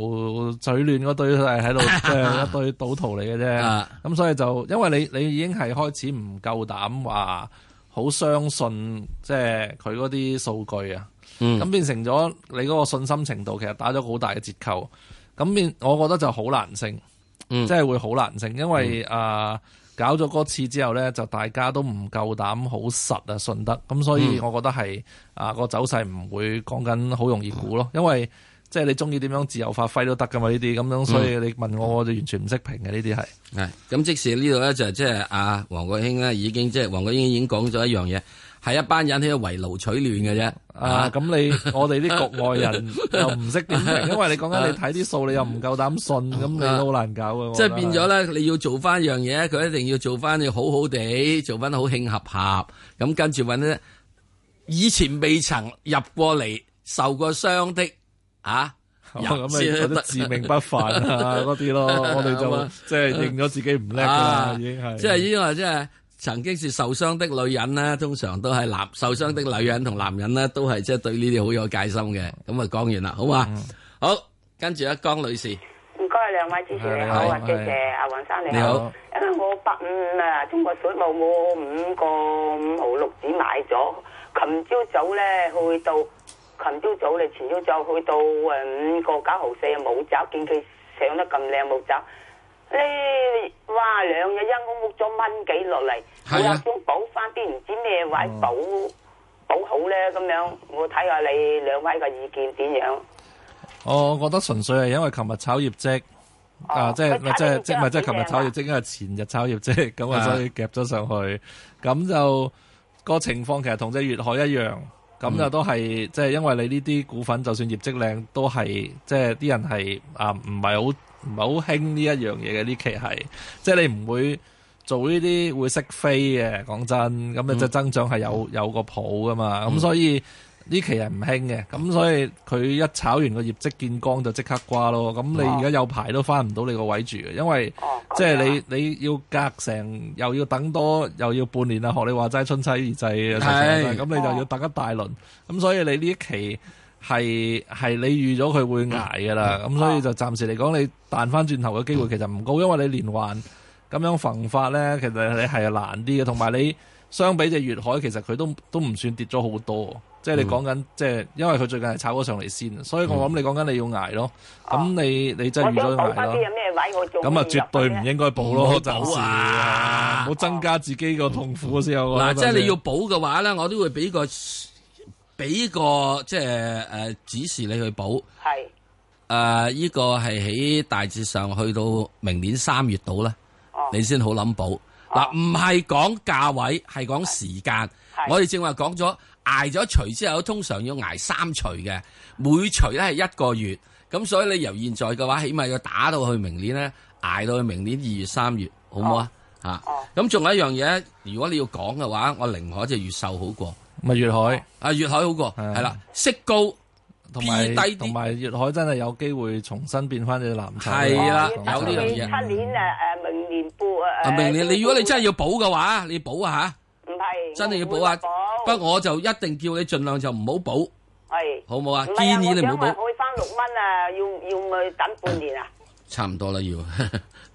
嘴亂嗰堆，都係喺度即係一堆賭徒嚟嘅啫。咁、 嗯、所以就因為你你已經係開始唔夠膽話好相信即係佢嗰啲數據啊。咁、嗯、變成咗你嗰個信心程度，其實打咗好大嘅折扣。咁面，嗯、我覺得就好難升，即係會好難升，因為啊、嗯呃、搞咗嗰次之後咧，就大家都唔夠膽好實啊，信得咁，所以我覺得係啊個走勢唔會講緊好容易估咯，嗯、因為即係你中意點樣自由發揮都得噶嘛呢啲咁樣，所以你問我我就完全唔識評嘅呢啲係。係咁，嗯、即係呢度咧就即係啊黃國英咧已經即係黃國英已經講咗一樣嘢。係一班人喺度圍爐取暖嘅啫。啊，咁你我哋啲局外人又唔識點明，因為你講緊你睇啲數，你又唔夠膽信，咁你都好難搞嘅。即係變咗咧，你要做翻一樣嘢，佢一定要做翻要好好地做翻好慶合合，咁跟住揾咧，以前未曾入過嚟，受過傷的啊，咁啊，有啲自命不凡啊，嗰啲咯，我哋就即係認咗自己唔叻啦，已經係，即係呢個即係。曾經是受傷的女人咧，通常都係男受傷的女人同男人咧，都係即係對呢啲好有戒心嘅。咁啊，講完啦，好嘛？好，跟住阿江女士，唔該兩位主持你，好，謝謝阿黃生你。你好，因為我八五啊，中國水務我五個五毫六子買咗，琴朝早咧去到，琴朝早嚟，前朝早去到誒五個九毫四冇走，見佢上得咁靚冇走。你哇，兩日一我沽咗蚊幾落嚟，我又想補翻啲唔知咩位補補好咧咁樣，我睇下你兩位嘅意見點樣。我覺得純粹係因為琴日炒業績，啊，即係即係即係琴日炒業績，因為前日炒業績，咁啊所以夾咗上去，咁就個情況其實同隻粵海一樣，咁就都係即係因為你呢啲股份就算業績靚，都係即係啲人係啊唔係好，唔係好興呢一樣嘢嘅呢期係，即係你唔會做呢啲會識飛嘅，講真，咁你即增長係有有個譜㗎嘛，咁、嗯、所以呢期係唔興嘅，咁所以佢一炒完個業績見光就即刻瓜咯，咁你而家有排都翻唔到你個位住嘅，因為、啊、即係你你要隔成又要等多又要半年的啊，學你話齋春秋二祭咁你就要等一大輪，咁所以你呢一期。係係你預咗佢會挨噶啦，咁所以就暫時嚟講，你彈翻轉頭嘅機會其實唔高，因為你連環咁樣焚法咧，其實你係難啲嘅。同埋你相比隻粵海，其實佢都都唔算跌咗好多，即係你講緊即係，因為佢最近係炒咗上嚟先，所以我諗你講緊你要挨咯。咁你你真係預咗要挨咯。咁啊，絕對唔應該補咯，就唔好增加自己個痛苦先好。嗱，即係你要補嘅話咧，我都會俾個。俾個即係誒指示你去補，係誒依個係喺大致上去到明年三月度啦，你先好諗補。嗱，唔係講價位，係講時間。我哋正話講咗捱咗除之後，通常要捱三除嘅，每除咧係一個月。咁所以你由現在嘅話，起碼要打到去明年咧，捱到去明年二月三月，好唔好啊？嚇！咁仲有一樣嘢，如果你要講嘅話，我寧可一隻越秀好過。咪粵海，啊粵海好過，係啦，息高同埋低，同埋粵海真係有機會重新變翻隻藍籌，係啦，有呢個嘢。七年誒誒，明年補啊，明年你如果你真係要補嘅話，你補啊吓。唔係，真係要補啊！不過我就一定叫你盡量就唔好補。係。好唔好啊？建議你唔好補。唔係，如翻六蚊啊？要要咪等半年啊？差唔多啦，要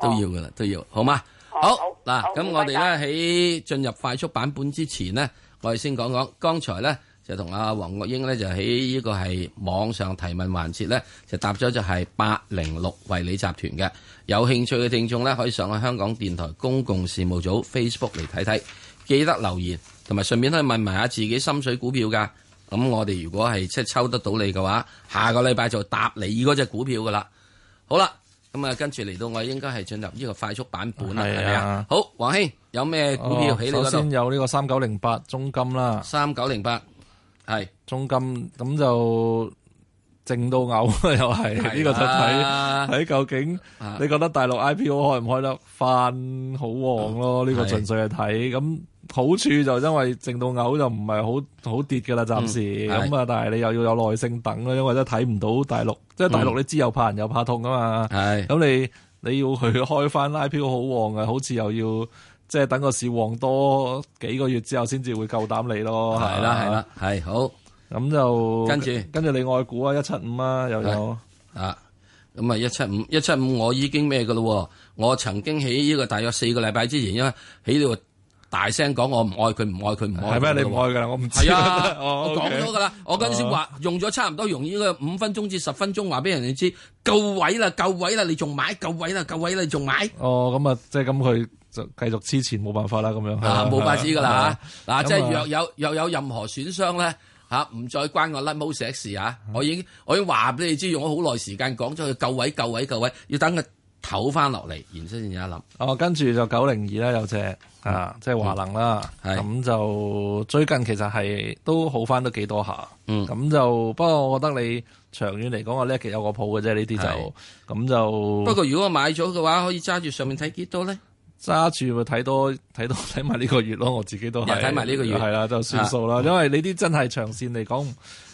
都要噶啦，都要，好嘛？好嗱，咁我哋咧喺進入快速版本之前呢，我哋先講講，剛才咧就同阿黃國英咧就喺呢個係網上提問環節咧，就答咗就係八零六惠理集團嘅。有興趣嘅聽眾咧可以上去香港電台公共事務組 Facebook 嚟睇睇，記得留言，同埋順便可以問埋下自己心水股票噶，咁我哋如果係即係抽得到你嘅話，下個禮拜就答你嗰隻股票噶啦。好啦，咁啊跟住嚟到我哋應該係進入呢個快速版本啦，係是啊？好，黃兄。有咩股票起？你首先有呢個三九零八中金啦，三九零八係中金，咁就靜到嘔啦，又係呢個就睇睇究竟你覺得大陸 IPO 開唔開得翻好旺咯？呢個純粹係睇咁好處，就因為靜到嘔，就唔係好好跌噶啦，暫時咁啊。但係你又要有耐性等啦，因為真係睇唔到大陸，即係大陸你知又怕人又怕痛噶嘛。係咁你你要佢開翻 IPO 好旺啊，好似又要。即係等個市旺多幾個月之後，先至會夠膽你咯。係啦，係啦，係好。咁、嗯、就跟住著，跟住你外股啊，一七五啊，又有啊。咁啊，一七五，一七五我已經咩嘅咯。我曾經喺呢個大約四個禮拜之前，因為喺呢度。大聲講我唔愛佢，唔愛佢，唔愛係咩？你唔愛噶啦，我唔知。係啊，我講咗噶啦。我今次話用咗差唔多用呢個五分鐘至十分鐘，話俾人哋知夠位啦，夠位啦，你仲買？夠位啦，夠位啦，你仲買？哦，咁啊，即係咁佢就繼續黐錢，冇辦法啦，咁樣啊，冇法知噶啦吓。嗱，即係若有若有任何損傷咧，吓唔再關個甩毛事啊！我已經我已經話俾你知，用咗好耐時間講咗佢夠位夠位夠位，要等佢。唞翻落嚟，然之後先有一諗。哦，跟住就九零二啦，有隻、嗯、啊，即係華能啦。咁、嗯、就最近其實係都好翻到幾多下。嗯，咁就不過我覺得你長遠嚟講，我呢期有個譜嘅啫。呢啲就咁就。嗯、就不過如果我買咗嘅話，可以揸住上面睇幾多咧？揸住咪睇多睇多睇埋呢個月咯。我自己都係睇埋呢個月，係啦、啊，就算數啦、啊。因為呢啲真係長線嚟講。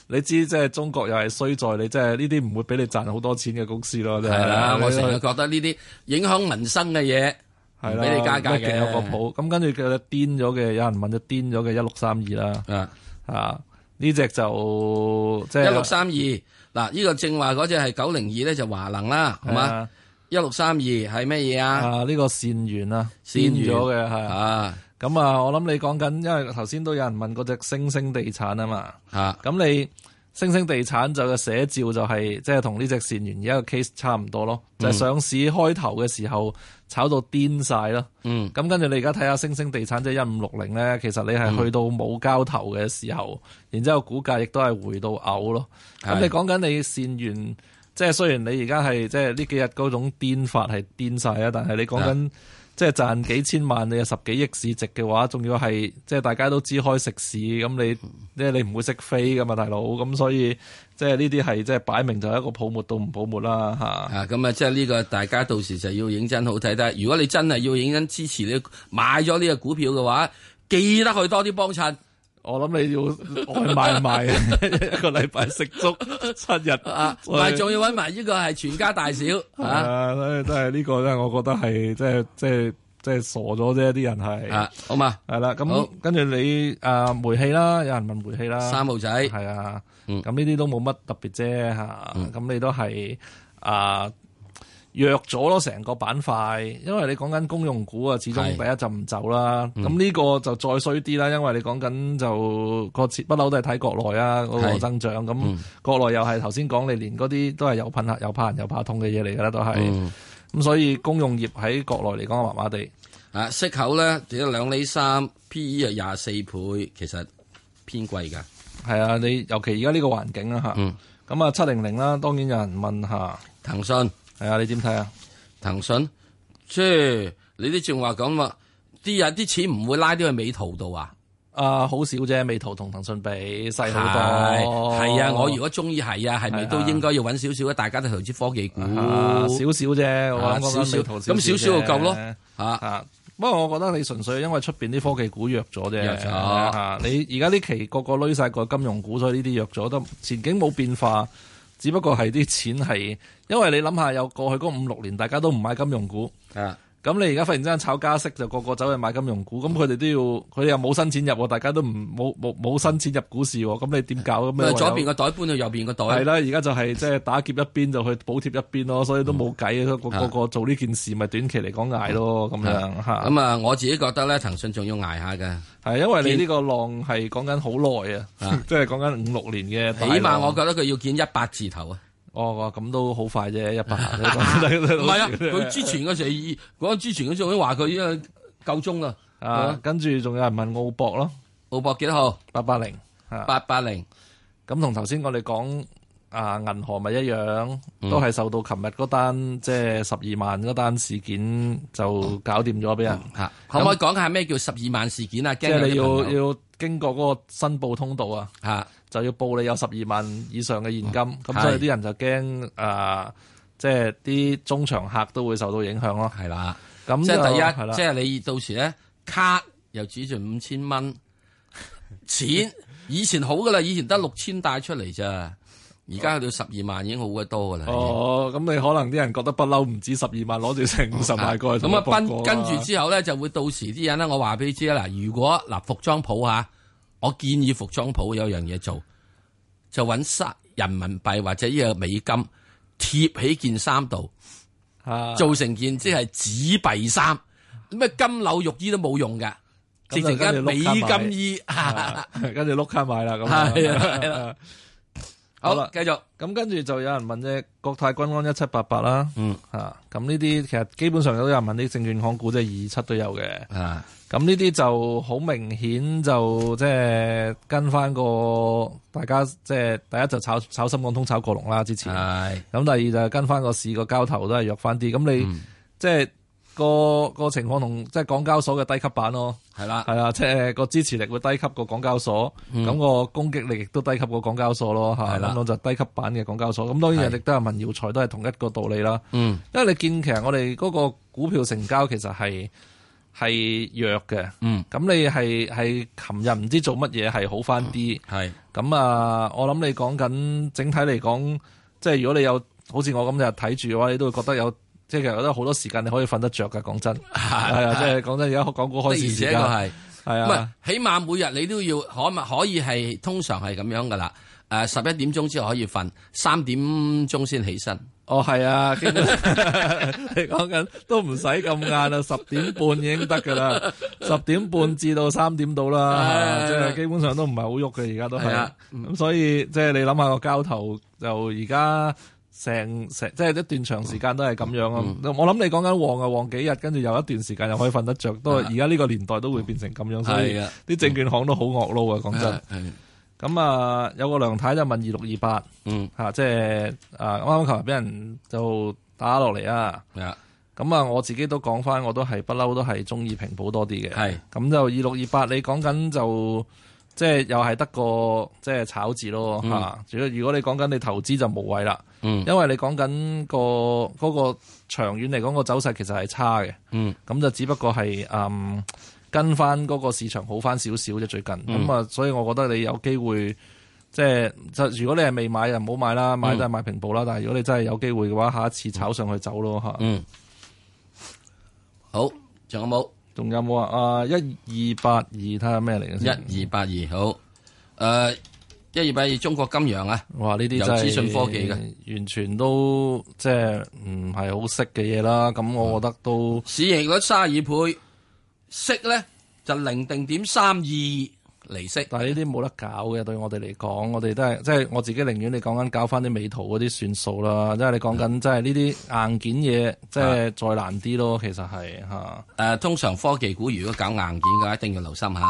你知即係中國又係衰在你，即係呢啲唔會俾你賺好多錢嘅公司咯，係啦，我成日覺得呢啲影響民生嘅嘢，俾你加價嘅。有個譜，咁跟住佢癲咗嘅，有人問咗癲咗嘅一六三二啦，啊，呢隻就即係一六三二嗱，呢個正話嗰隻係九零二咧就華能啦，係嘛？一六三二係咩嘢啊？啊，呢個善源啊，癲咗嘅係啊。咁啊，我諗你講緊，嗯、因為頭先都有人問嗰隻星星地產啊嘛。啊，咁你星星地產就個寫照就係、是，即係同呢隻善元而家個 case 差唔多咯，嗯、就上市開頭嘅時候炒到癲晒咯。嗯，咁跟住你而家睇下星星地產即係一五六零咧，其實你係去到冇交投嘅時候，嗯、然之後股價亦都係回到嘔咯。咁、嗯、你講緊你善元，即、就、係、是、雖然你而家係即係呢幾日嗰種癲法係癲晒啊，但係你講緊、嗯。嗯即係賺幾千萬，你有十幾億市值嘅話，仲要係即係大家都知開食肆，咁你即係你唔會識飛噶嘛，大佬，咁所以即係呢啲係即係擺明就係一個泡沫到唔泡沫啦嚇。啊，咁啊，即係呢個大家到時就要認真好睇睇。如果你真係要認真支持你買咗呢個股票嘅話，記得去多啲幫襯。我諗你要外賣埋一個禮拜食足七日啊，但係仲要搵埋呢個係全家大小啊，所以真係呢個咧，我覺得係即係即係即係傻咗啫，啲人係啊，好嘛，係啦，咁跟住你啊煤氣啦，有人問煤氣啦，三毛仔係啊，咁呢啲都冇乜特別啫吓，咁你都係啊。弱咗咯，成個板塊，因為你講緊公用股啊，始終第一就唔走啦。咁呢、嗯、個就再衰啲啦，因為你講緊就個不嬲都係睇國內啊嗰個增長。咁、嗯、國內又係頭先講你連嗰啲都係有噴客、有怕人、有怕痛嘅嘢嚟㗎啦，都係咁。嗯、所以公用業喺國內嚟講，麻麻地啊，息口咧跌到兩厘三，P E 又廿四倍，其實偏貴㗎。係啊，你尤其而家呢個環境啦嚇。咁啊、嗯，七零零啦，當然有人問下騰訊。係啊，你點睇啊？騰訊即係你啲仲話咁啊？啲人啲錢唔會拉啲去美圖度啊？啊，好少啫，美圖同騰訊比細好多，係啊。我如果中意係啊，係咪都應該要揾少少咧？大家都投資科技股，啊、少少啫，我諗少少，咁少少就夠咯。吓吓、啊啊，不過我覺得你純粹因為出邊啲科技股弱咗啫了、啊。你而家呢期個個推晒個金融股，所以呢啲弱咗，都前景冇變化。只不過係啲錢係，因為你諗下，有過去嗰五六年，大家都唔買金融股。啊。咁你而家忽然之間炒加息就個個走去買金融股，咁佢哋都要，佢哋又冇新錢入，大家都唔冇冇冇新錢入股市，咁你點搞咁樣？喎，左邊個袋搬到右邊個袋。係啦，而家就係即係打劫一邊就去補貼一邊咯，所以都冇計，個個做呢件事咪、就是、短期嚟講挨咯，咁的樣吓。咁啊的，的我自己覺得咧，騰訊仲要挨下嘅，係因為你呢個浪係講緊好耐啊，即係講緊五六年嘅，起碼我覺得佢要見一百字頭啊。哦，咁都好快啫，一百唔係啊！佢之前嗰時，我之前嗰時都話佢因為夠鐘啦。啊，跟住仲有人問澳博咯，澳博幾多號？八八零，八八零。咁同頭先我哋講啊，銀河咪一樣，都係受到琴日嗰單，即係十二萬嗰單事件就搞掂咗俾人。可唔可以講下咩叫十二萬事件啊？驚即係你要要經過嗰個申報通道啊？啊！就要報你有十二萬以上嘅現金，咁、哦啊、所以啲人就驚，誒、uh,，即係啲中場客都會受到影響咯。係啦的，咁即係第一，即係的你到時咧卡又只剩五千蚊，錢 以前好噶啦，以前得六千帶出嚟咋，而家去到十二萬已經好得多噶啦。哦，咁你可能啲人覺得不嬲，唔止十二萬，攞住成五十萬過去過。咁啊、嗯嗯，跟住之後咧，就會到時啲人咧，我話俾你知啦，嗱，如果嗱服裝鋪嚇。啊我建議服裝鋪有樣嘢做，就揾人民幣或者呢個美金貼起件衫度，做成件即係紙幣衫，咩金縷玉衣都冇用嘅，即係而家美金衣，跟住碌卡買啦咁。好啦，繼續咁，跟住就有人問隻國泰君安一七八八啦，嗯啊，咁呢啲其實基本上都有人問啲證券行股，即係二七都有嘅。啊啊咁呢啲就好明顯，就即係跟翻個大家，即係第一就炒炒深港通炒過龍啦，之前。係。咁第二就係跟翻個市個交投都係弱翻啲，咁是的 你即係、就是、個個情況同即係港交所嘅低級版咯。係啦，係啦，即係個支持力會低級過港交所，咁是的 個攻擊力亦都低級過港交所咯，係啦。咁就低級版嘅港交所。咁是的、啊、當然人哋都係民耀財，都係同一個道理啦。嗯是的。因為你見其實我哋嗰個股票成交其實係。係弱嘅，嗯，咁你係係琴日唔知做乜嘢係好翻啲，係、嗯，咁啊，我諗你講緊整體嚟講，即係如果你有好似我咁就睇住嘅話，你都會覺得有，即係其實覺得好多時間你可以瞓得着噶，講真，係啊的的，即係講真，而家講股開始時間，係啊，唔係的起碼每日你都要可咪可以係通常係咁樣噶啦，誒、呃，十一點鐘之後可以瞓，三點鐘先起身。哦，係啊，你講緊都唔使咁晏啦，十點半已經得㗎啦，十點半至到三點到啦，即係基本上都唔係好喐嘅，而家都係，咁所以即係你諗下個交投就而家成成即係一段長時間都係咁樣啊！我諗你講緊旺啊，旺幾日，跟住又一段時間又可以瞓得着，都而家呢個年代都會變成咁樣，所以啲證券行都好惡撈啊！講真。咁啊，有個梁太就問二六二八，嗯，嚇，即係啊，啱啱琴日俾人就打落嚟啊，啊、嗯，咁啊，我自己都講翻，我都係不嬲都係中意平保多啲嘅，係是，咁、嗯嗯、就二六二八，你講緊就即、是、係又係得個即係炒字咯，嚇、啊，如果、嗯、如果你講緊你投資就無謂啦，嗯，因為你講緊個嗰個長遠嚟講個走勢其實係差嘅，嗯，咁就只不過係嗯。跟翻嗰個市場好翻少少啫，最近咁啊、嗯嗯，所以我覺得你有機會，即係就是、如果你係未買，就唔好買啦，買都係買平報啦。但係如果你真係有機會嘅話，下一次炒上去走咯嚇。嗯，好，仲有冇？仲有冇啊？啊，一二八二，睇下咩嚟嘅一二八二，好，誒，一二八二，中國金陽啊！哇，呢啲真係資訊科技嘅，完全都即係唔係好識嘅嘢啦。咁我覺得都哇市盈率三十二倍。息咧就零定點三二利息，但係呢啲冇得搞嘅，對我哋嚟講，我哋都係即係我自己寧願你講緊搞翻啲美圖嗰啲算數啦，即係你講緊即係呢啲硬件嘢，的即係再難啲咯，其實係吓。誒，通常科技股如果搞硬件嘅，一定要留心吓。